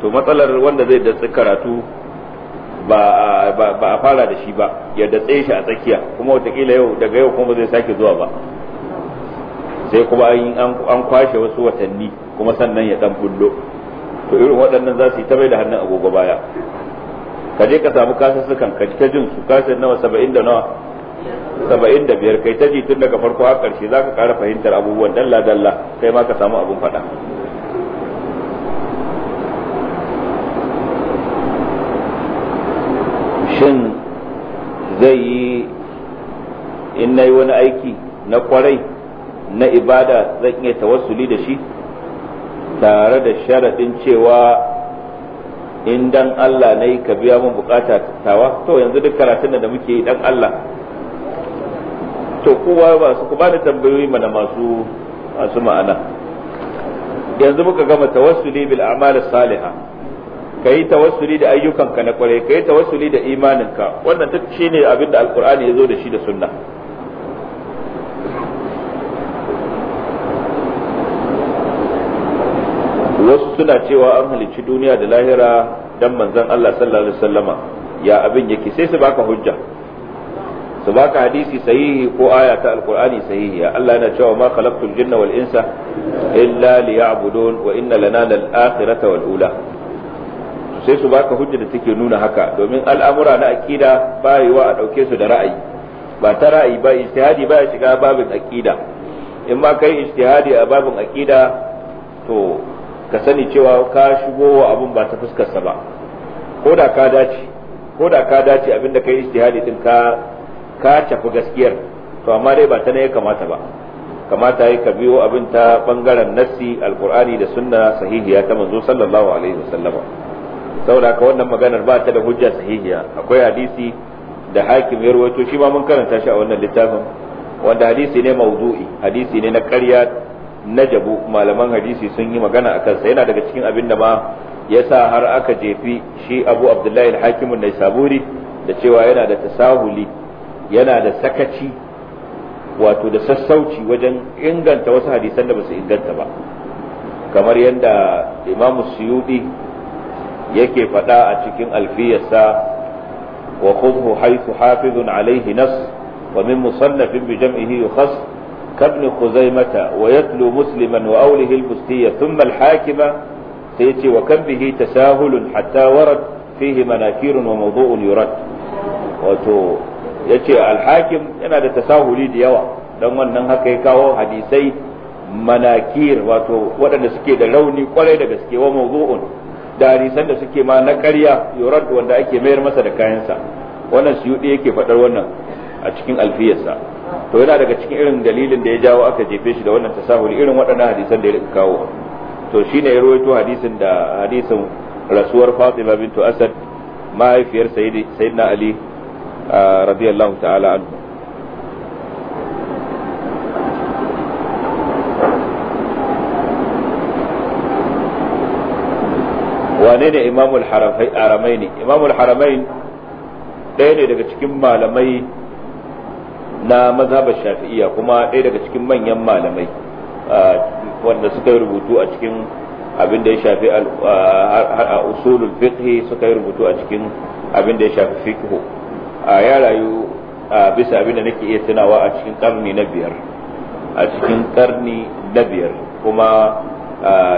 Speaker 2: to matsalar wanda zai da karatu ba a fara da shi ba ya datse shi a tsakiya kuma watakila yau daga yau kuma zai sake zuwa ba sai kuma an kwashe wasu watanni kuma sannan ya dan bullo to irin waɗannan za su yi ta bai da hannun agogo baya ka je ka samu kasussukan ka ta jin su kasar nawa saba'in da nawa saba'in da biyar kai ta ji tun daga farko a ƙarshe za ka ƙara fahimtar abubuwan dalla dalla kai ma ka samu abun faɗa
Speaker 4: shin zai yi in na yi
Speaker 2: wani aiki na kwarai na ibada zan iya tawassuli da shi tare da sharaɗin cewa in dan Allah na yi ka biya mun bukata tawa to yanzu duk karatun da muke yi dan Allah to kowa ba su ku bani tambayoyi mana masu masu ma'ana yanzu muka gama tawassuli bil a'mal salihah kai tawassuli da ayyukanka na kwarai kai tawassuli da imaninka wannan duk shine abin da alqur'ani yazo da shi da sunna wasu suna cewa an halicci duniya da lahira dan manzon Allah sallallahu alaihi wasallama ya abin yake sai su baka hujja su baka hadisi sahihi ko aya ta alqur'ani ya Allah yana cewa ma khalaqtul jinna wal insa illa liya'budun wa inna lana lal akhirata wal ula sai su baka hujja da take nuna haka domin al'amura na akida ba yiwa a dauke su da ra'ayi ba ta ra'ayi ba ijtihadi ba ya shiga babin akida in ma kai ijtihadi a babin akida to ka sani cewa ka shigo wa abin ba ta fuskarsa ba ko da ka dace ko da ka dace abinda kai ijtihadi din ka ka tafi gaskiyar to amma dai ba ta ne ya kamata ba kamata ya ka biyo abin ta bangaren nassi alqur'ani da sunna sahihiya ta manzo sallallahu alaihi wasallam saboda ka wannan maganar ba ta da hujja sahihiya akwai hadisi da hakim ya rawaito shi ma mun karanta shi a wannan littafin wanda hadisi ne mawdu'i hadisi ne na ƙarya na malaman hadisi sun yi magana a kansa yana daga cikin abin da ma ya sa har aka jefi shi abu abdullahi hakimun na saburi da cewa yana da tasahuli yana da sakaci wato da sassauci wajen inganta wasu hadisan da basu inganta ba kamar yadda imamu suyudi yake faɗa a cikin alfiyarsa wa khudhu haythu hafizun alaihi nas wa min musannafin bi jam'ihi yukhas كابن خزيمة ويتلو مسلما وأوله البستية ثم الحاكمة سيتي وكم به تساهل حتى ورد فيه مناكير وموضوع يرد wato ya ce alhakim yana da tasahuli da yawa don wannan haka ya kawo hadisai manakir wato waɗanda da rauni kwarai da gaske wa mawdu'un da hadisan da suke ma na karya yurad wanda ake mayar masa da kayansa wannan suyuɗi yake faɗar wannan a cikin alfiyarsa to yana daga cikin irin dalilin da ya jawo aka jefe shi da wannan tasahuli irin waɗannan hadisan da ya kawo to shine ya rawaito hadisin da hadisin rasuwar Fatima bintu Asad mahaifiyar sayyidina Ali radiyallahu ta'ala anhu wane ne imamul haramaini imamul haramaini ɗaya ne daga cikin malamai na mazhabar shafi'iyya kuma ɗaya daga cikin manyan malamai wanda suka yi rubutu a cikin abin da ya shafi a usulul fiqh suka yi rubutu a cikin abin da ya shafi fiqh ya rayu bisa abin da nake iya tunawa a cikin karni na biyar a cikin karni na biyar kuma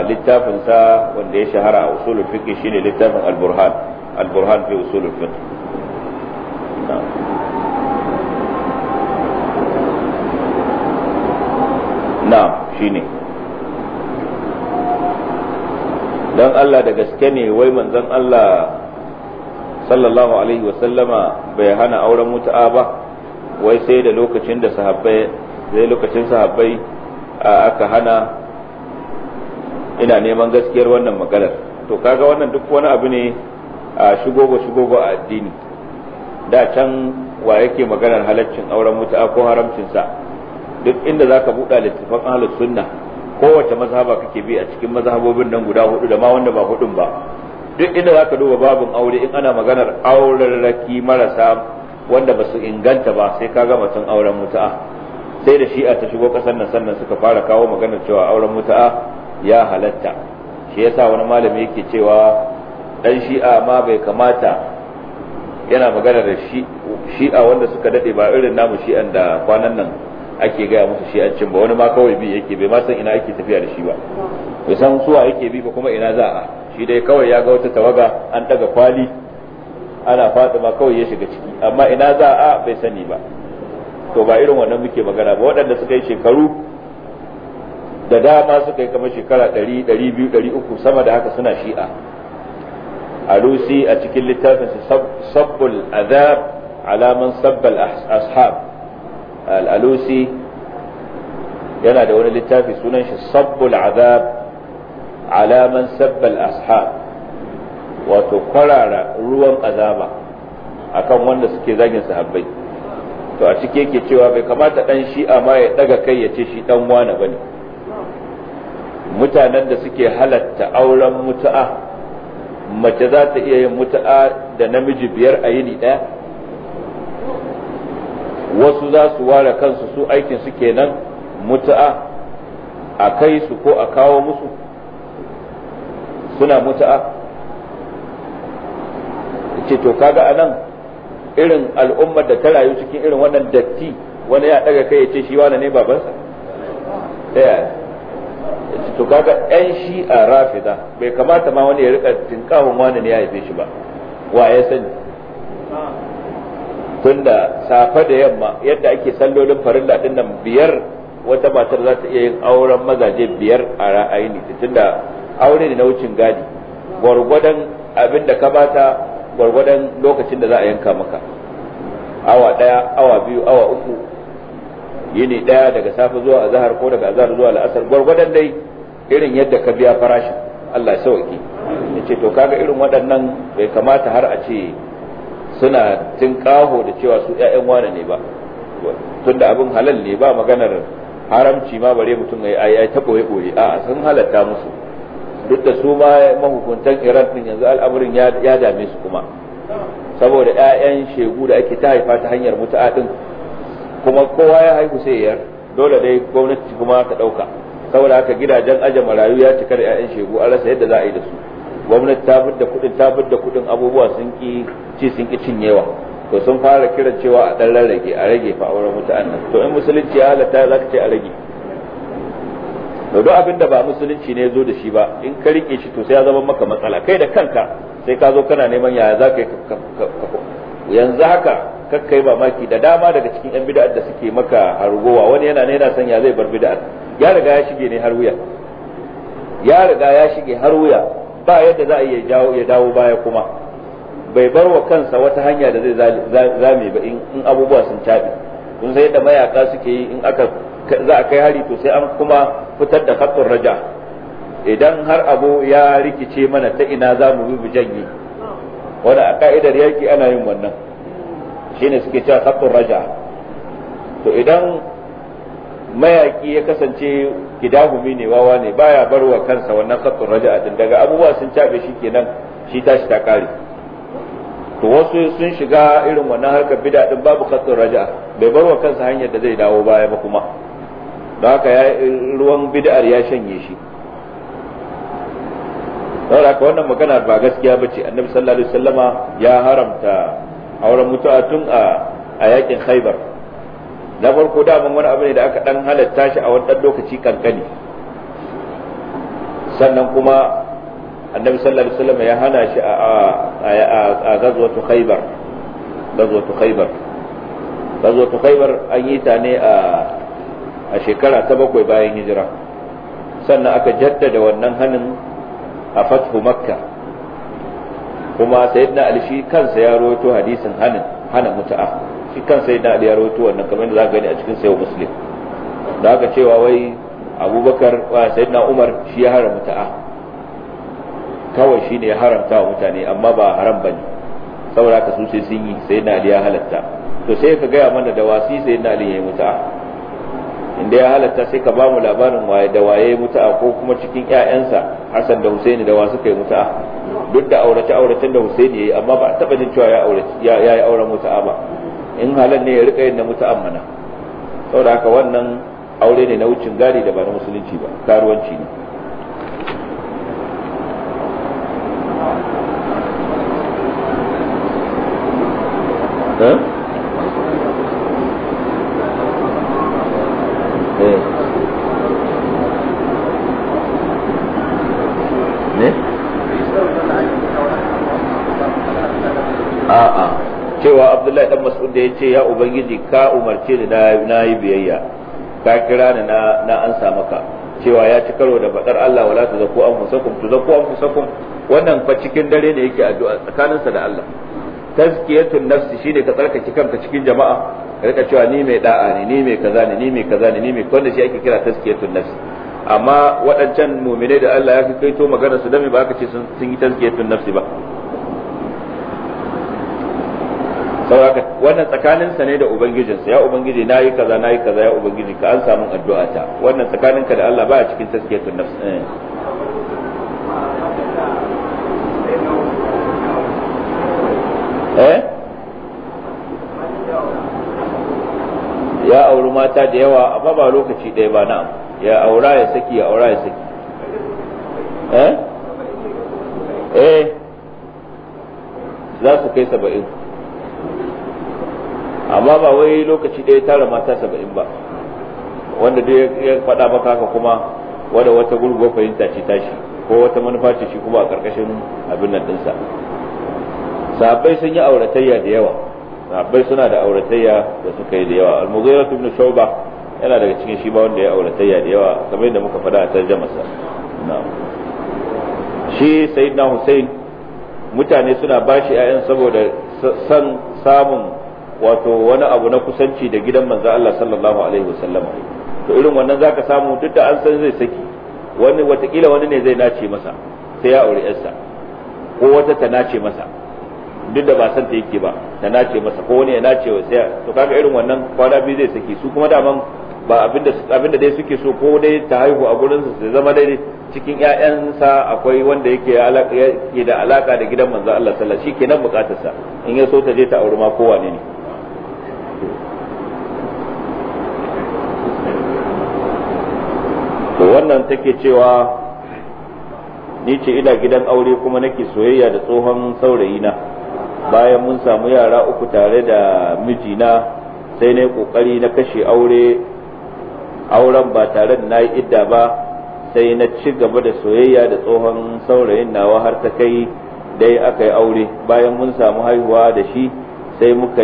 Speaker 2: littafinsa wanda ya shahara a usulul fiqh shine littafin al-burhan al-burhan fi usulul fiqh na shine dan Allah da gaske ne wai manzon Allah sallallahu alaihi wasallama bai hana auren mutu'a ba wai sai da lokacin da sahabbai sai lokacin sahabbai aka hana ina neman gaskiyar wannan maganar to kaga wannan duk wani abu ne a shigogo shigogo a addini da can wa yake maganar halaccin auren mutu'a ko haramcinsa. duk inda zaka buɗa littafan ahlus sunna kowace mazhaba kake bi a cikin mazhabobin nan guda hudu da ma wanda ba hudun ba duk inda zaka duba babin aure in ana maganar auren raki marasa wanda ba su inganta ba sai ka ga tun auren mutu'a sai da shi'a ta shigo kasar nan sannan suka fara kawo maganar cewa auren mutu'a ya halatta shi yasa wani malami yake cewa dan shi'a ma bai kamata yana magana da shi'a wanda suka dade ba irin namu shi'an da kwanan nan ake gaya musu shi an ba wani ma kawai bi yake bai ma san ina ake tafiya da shi ba bai san suwa yake bi ba kuma ina za a shi dai kawai ya ga wata tawaga an daga kwali ana faɗi ma kawai ya shiga ciki amma ina za a bai sani ba to ba irin wannan muke magana ba waɗanda suka yi shekaru da dama suka yi kamar shekara ɗari ɗari biyu ɗari uku sama da haka suna shi'a alusi a cikin littafinsa sabbul azab alaman sabbal ashab al'alusi yana da wani littafi sunan shi sabbul azab alaman sabbal ashab wato kwarara ruwan azaba akan wanda suke zagin sahabbai to a ciki yake cewa bai kamata dan shi'a ma ya daga kai ya ce shi dan wane ne mutanen da suke halatta auren mutu'a mace za ta iya yin mutu'a da namiji biyar a yini ɗaya. wasu za su ware kansu su aikin su kenan mutu'a a kai su ko a kawo musu suna mutu'a ce to kaga anan irin al'ummar da ta rayu cikin irin wannan datti wani ya daga kai ya ce shi wani ne babansa ɗaya to kaga yan shi a rafida bai kamata ma wani ya rika tinkahun wani ne ya haife shi ba wa ya sani tunda safe da yamma yadda ake sallolin farilla din nan biyar wata matar za ta iya yin auren mazaje biyar a ra'ayini tunda aure ne na wucin gadi gwargwadon abin da ka bata gwargwadon lokacin da za a yanka maka awa daya awa biyu awa uku yini daya daga safe zuwa azhar ko daga azhar zuwa la'asar gwargwadon dai irin yadda ka biya farashin Allah ya sauke ce to kaga irin waɗannan bai kamata har a ce suna tinkaho da cewa su yayan wane ne ba da abin halal ne ba maganar haramci ma bare mutum ya yi ta boye boye a sun halatta musu duk da su ma mahukuntan Iran din yanzu al'amarin ya dame su kuma saboda 'ya'yan shegu da ake ta haifa ta hanyar mutu'a din kuma kowa ya haihu sai yar dole dai gwamnati kuma ta ɗauka saboda haka gidajen aje marayu ya cika da 'ya'yan shegu a rasa yadda za a yi da su gwamnati ta fidda kuɗin ta fidda kuɗin abubuwa sun ki ci sun ki cinyewa to sun fara kiran cewa a ɗan rage a rage fa auren mutanen nan to in musulunci ya halatta za ka ce a rage to duk abin da ba musulunci ne zo da shi ba in ka rike shi to sai ya zama maka matsala kai da kanka sai ka zo kana neman yaya za ka yi yanzu haka kakkai mamaki da dama daga cikin yan bid'a da suke maka harugowa wani yana ne yana sanya zai bar bid'a ya riga ya shige ne har wuya ya riga ya shige har wuya ba yadda za a iya jawo ya dawo baya kuma bai bar wa kansa wata hanya da zai zame ba in abubuwa sun tabi kun sai da mayaka suke yi in aka za a kai hari to sai an kuma fitar da khattun raja idan har abu ya rikice mana ta ina za mu bi janye wanda a ka'idar yaki ana yin wannan shine suke cewa khattun raja to idan mayaki ya kasance kidahumi ne wawa ne baya barwa kansa wannan khattun raja'a din daga abubuwa sun cabe shi kenan shi tashi ta kare to wasu sun shiga irin wannan harkar bid'a din babu khattun raja'a bai barwa kansa hanyar da zai dawo baya ba kuma don haka ya ruwan bid'ar ya shanye shi don haka wannan magana ba gaskiya bace annabi sallallahu alaihi wasallama ya haramta auren mutuwa tun a yakin khaibar na farko daman wani abu ne da aka dan halatta shi a wannan lokaci kankani sannan kuma annabi sallallahu alaihi wasallam ya hana shi a gazwatu khaybar gazwatu khaybar gazwatu khaybar an yi ta ne a shekara ta bakwai bayan hijira sannan aka jaddada wannan hanin a fathu makka kuma sayyidina ali kansa ya rawaito hadisin hanin hana mutu'a. shi kan sai na ya rawaito wannan kamar da za ka gani a cikin sayo muslim da aka cewa wai abubakar wa sayyidina umar shi ya haramta ta'a kawai shi ne ya haramta wa mutane amma ba haram bane saboda haka su sai sun yi sayyidina ali ya halatta to sai ka gaya mana da wasi sayyidina ali ya yi muta'a inda ya halatta sai ka ba mu labarin waye da waye ya ko kuma cikin ƴaƴansa Hassan da Husaini da wasu kai muta'a duk da aurace auracen da Husaini yayi amma ba a taba jin cewa ya ya yi auren muta'a ba in halar ne ya rika yin na muta'ammana saboda haka wannan aure ne na wucin gadi da ba na musulunci ba karuwanci ne eh? abdullahi dan mas'ud da yace ya ubangiji ka umarce ni na yi biyayya ka kira ni na na ansa maka cewa ya ci karo da fadar Allah wala an tuzakku zaku an musakum wannan fa cikin dare ne yake addu'a tsakaninsa da Allah tazkiyatun nafsi shine ka tsarkake kanka cikin jama'a ka rika cewa ni mai da'a ne ni mai kaza ne ni mai kaza ne ni mai wanda shi ake kira tazkiyatun nafsi amma waɗancan muminai da Allah ya fi to magana su dame ba ka ce sun yi tazkiyatun nafsi ba sauraka wannan tsakaninsa ne da ubangijinsa ya ubangiji na yi kaza na yi kaza ya ubangiji ka an samu addu'a ta wannan tsakaninka da Allah baya cikin taskiyatun nafs eh. eh ya auri mata da yawa amma ba lokaci ɗaya ba na ya aura ya saki ya aura ya saki eh eh za su kai saba'in amma ba wai lokaci ɗaya tara mata saba'in ba wanda duk ya faɗa maka haka kuma wanda wata gurguwar fahimta ce tashi ko wata manufa ce shi kuma a ƙarƙashin abin nan ɗinsa sabai sun yi auratayya da yawa sabai suna da auratayya da suka yi da yawa al ibn shuba yana daga cikin shi ba wanda ya auratayya da yawa kamar yadda muka faɗa a tarjamarsa sa shi sayyidina Hussein mutane suna bashi 'ya'yan saboda san samun wato wani abu na kusanci da gidan manzo Allah sallallahu alaihi wasallam to irin wannan zaka samu duk da an san zai saki wani watakila wani ne zai nace masa sai ya aure yarsa ko wata ta nace masa duk da ba san ta yake ba ta nace masa ko wani ya nace wa sai to kaga irin wannan kwana biyu zai saki su kuma daman ba abinda abinda dai suke so ko dai ta haihu a gurin su zama dai cikin ƴaƴansa akwai wanda yake alaka da alaka da gidan manzo Allah sallallahu alaihi wasallam shikenan bukatarsa in ya so ta je ta aure ma ne ne wannan take cewa ni ce ina gidan aure kuma nake soyayya da tsohon saurayina bayan mun samu yara uku tare da mijina sai na yi kokari na kashe aure auren ba tare da na yi idda ba sai na ci gaba da soyayya da tsohon saurayin nawa har ta kai dai aka yi aure bayan mun samu haihuwa da shi sai muka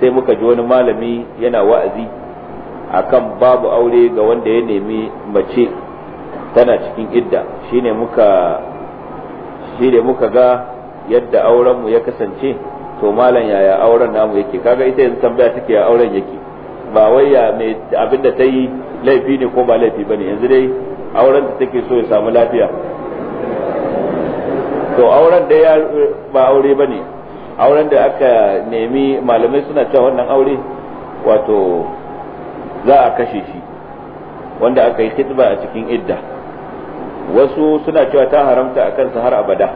Speaker 2: sai muka ji wani malami yana wa'azi akan babu aure ga wanda ya nemi mace tana cikin idda shine muka shine muka ga yadda auren mu ya kasance to malam yaya auren namu yake kaga ita yanzu tambaya take ya auren yake ba wai ya mai abinda ta yi laifi ne ko ba laifi bane yanzu dai auren da take so ya samu lafiya to auren da ya ba aure bane auren da aka nemi malamai suna cewa wannan aure wato za a kashe shi wanda aka yi khitba a cikin idda wasu suna cewa ta haramta a kansa har abada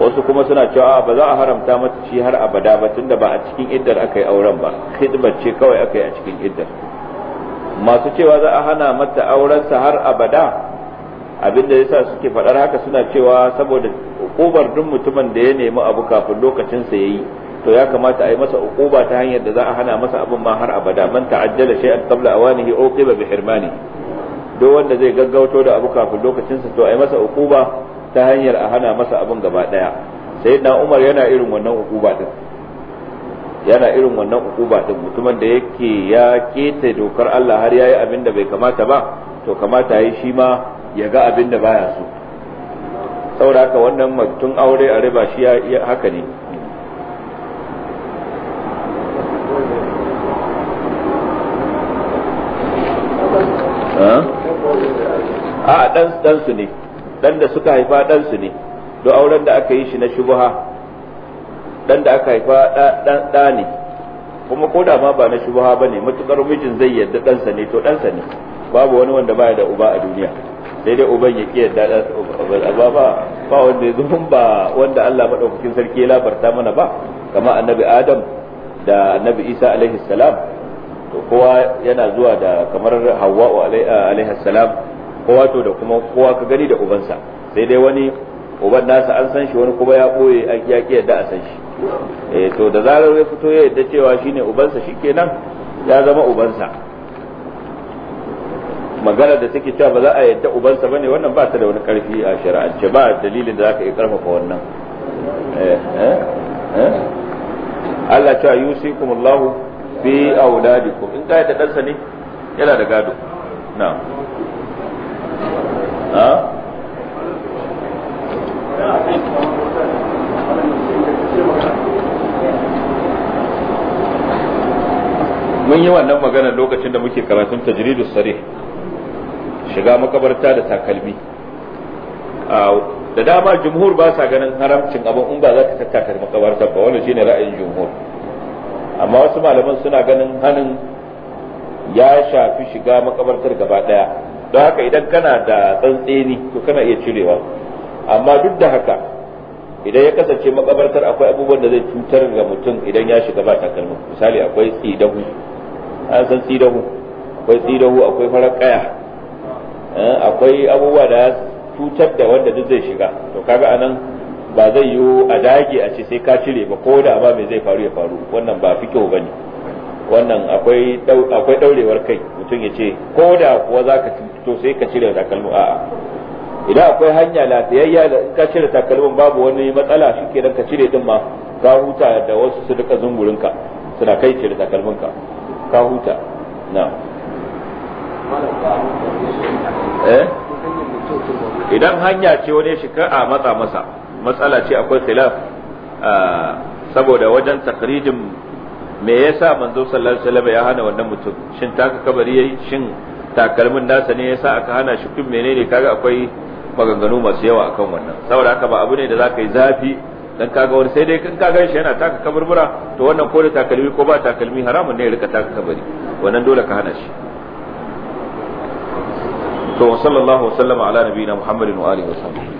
Speaker 2: wasu kuma suna cewa ba za a haramta mata shi har abada ba tunda ba a cikin iddar aka yi auren ba khidmar ce kawai aka yi a cikin iddar masu cewa za a hana mata aurensa har abada abin da yasa suke faɗar haka suna cewa saboda hukumar duk mutumin da ya nemi abu kafin lokacinsa ya yi to ya kamata a yi masa ukuba ta hanyar da za a hana masa abin ma har abada man ta'ajjala shay'an qabla awanihi uqiba bi hirmani duk wanda zai gaggauto da abu kafin lokacin sa to a yi masa uquba ta hanyar a hana masa abin gaba daya sayyidina Umar yana irin wannan uquba din yana irin wannan uquba din mutumin da yake ya keta dokar Allah har yayi abin da bai kamata ba to kamata yayi shi ma ya ga abin da baya so saboda haka wannan mutum aure a riba shi haka ne a dan dan su ne dan da suka haifa dan su ne do auren da aka yi shi na shubha dan da aka haifa dan da ne kuma ko da ma ba na shubha bane matukar mijin zai yarda dan sa ne to dan sa ne babu wani wanda baya da uba a duniya sai dai uban ya ki yarda ba ba ba wanda yazo ba wanda Allah madaukakin sarki ya labarta mana ba kama annabi Adam da annabi Isa alaihi salam to kowa yana zuwa da kamar Hawwa alaihi salam kowa to da kuma kowa ka gani da ubansa sai dai wani uban nasa an san shi wani kuma ya boye ya ki yadda a san
Speaker 3: shi
Speaker 2: eh to da zarar ya fito ya yadda cewa shine ubansa shikenan ya zama ubansa magana da take cewa ba za a yadda ubansa bane wannan ba ta da wani karfi a shari'ance ba dalilin da zaka iya karfafa wannan eh eh, eh. Allah ta yusikumullahu fi auladikum in ka yadda dansa ne yana da gado na'am mun yi wannan magana lokacin da muke karatun tajridus sarih shiga makabarta da takalmi da dama jumhur ba sa ganin haramcin abin in ba za ka tattaka makabarta ba wani shine ra'ayin jumhur amma wasu malaman suna ganin hanin ya shafi shiga makabartar gaba daya don haka idan kana da tsantseni to kana iya cirewa amma duk da haka idan ya kasance makabartar akwai abubuwan da zai cutar ga mutum idan ya shiga ba takalma. misali akwai tsidahu an san tsidahu akwai tsidahu akwai farar eh, akwai abubuwa da cutar da wanda duk zai shiga to kaga anan ba zai yiwu a dage a ce sai ka cire ba ko da ma mai zai faru ya faru wannan ba fi kyau ne. wannan akwai akwai daurewar kai mutum ya ce ko da kuwa za ka to sai ka cire takalmi a'a idan akwai hanya lafiyayya da ka cire takalmin babu wani matsala shi kenan ka cire din ma ka huta da wasu su duka zungurinka suna kai cire takalminka ka huta na
Speaker 3: eh? idan
Speaker 2: hanya ce wani shika a matsa masa matsala ce akwai khilaf ah, saboda wajen takrijin me yasa manzo sallallahu alaihi wasallam ya hana wannan mutum shin taka kabari yayi shin takalmin nasa ne yasa aka hana shi kun menene kaga akwai maganganu masu yawa akan wannan saboda haka ba abu ne da zaka yi zafi dan kaga wani sai dai kan kaga shi yana taka kaburbura to wannan ko da takalmi ko ba takalmi haramun ne ya rika taka kabari wannan dole ka
Speaker 3: hana shi to sallallahu alaihi wasallam ala nabiyina muhammadin wa alihi wa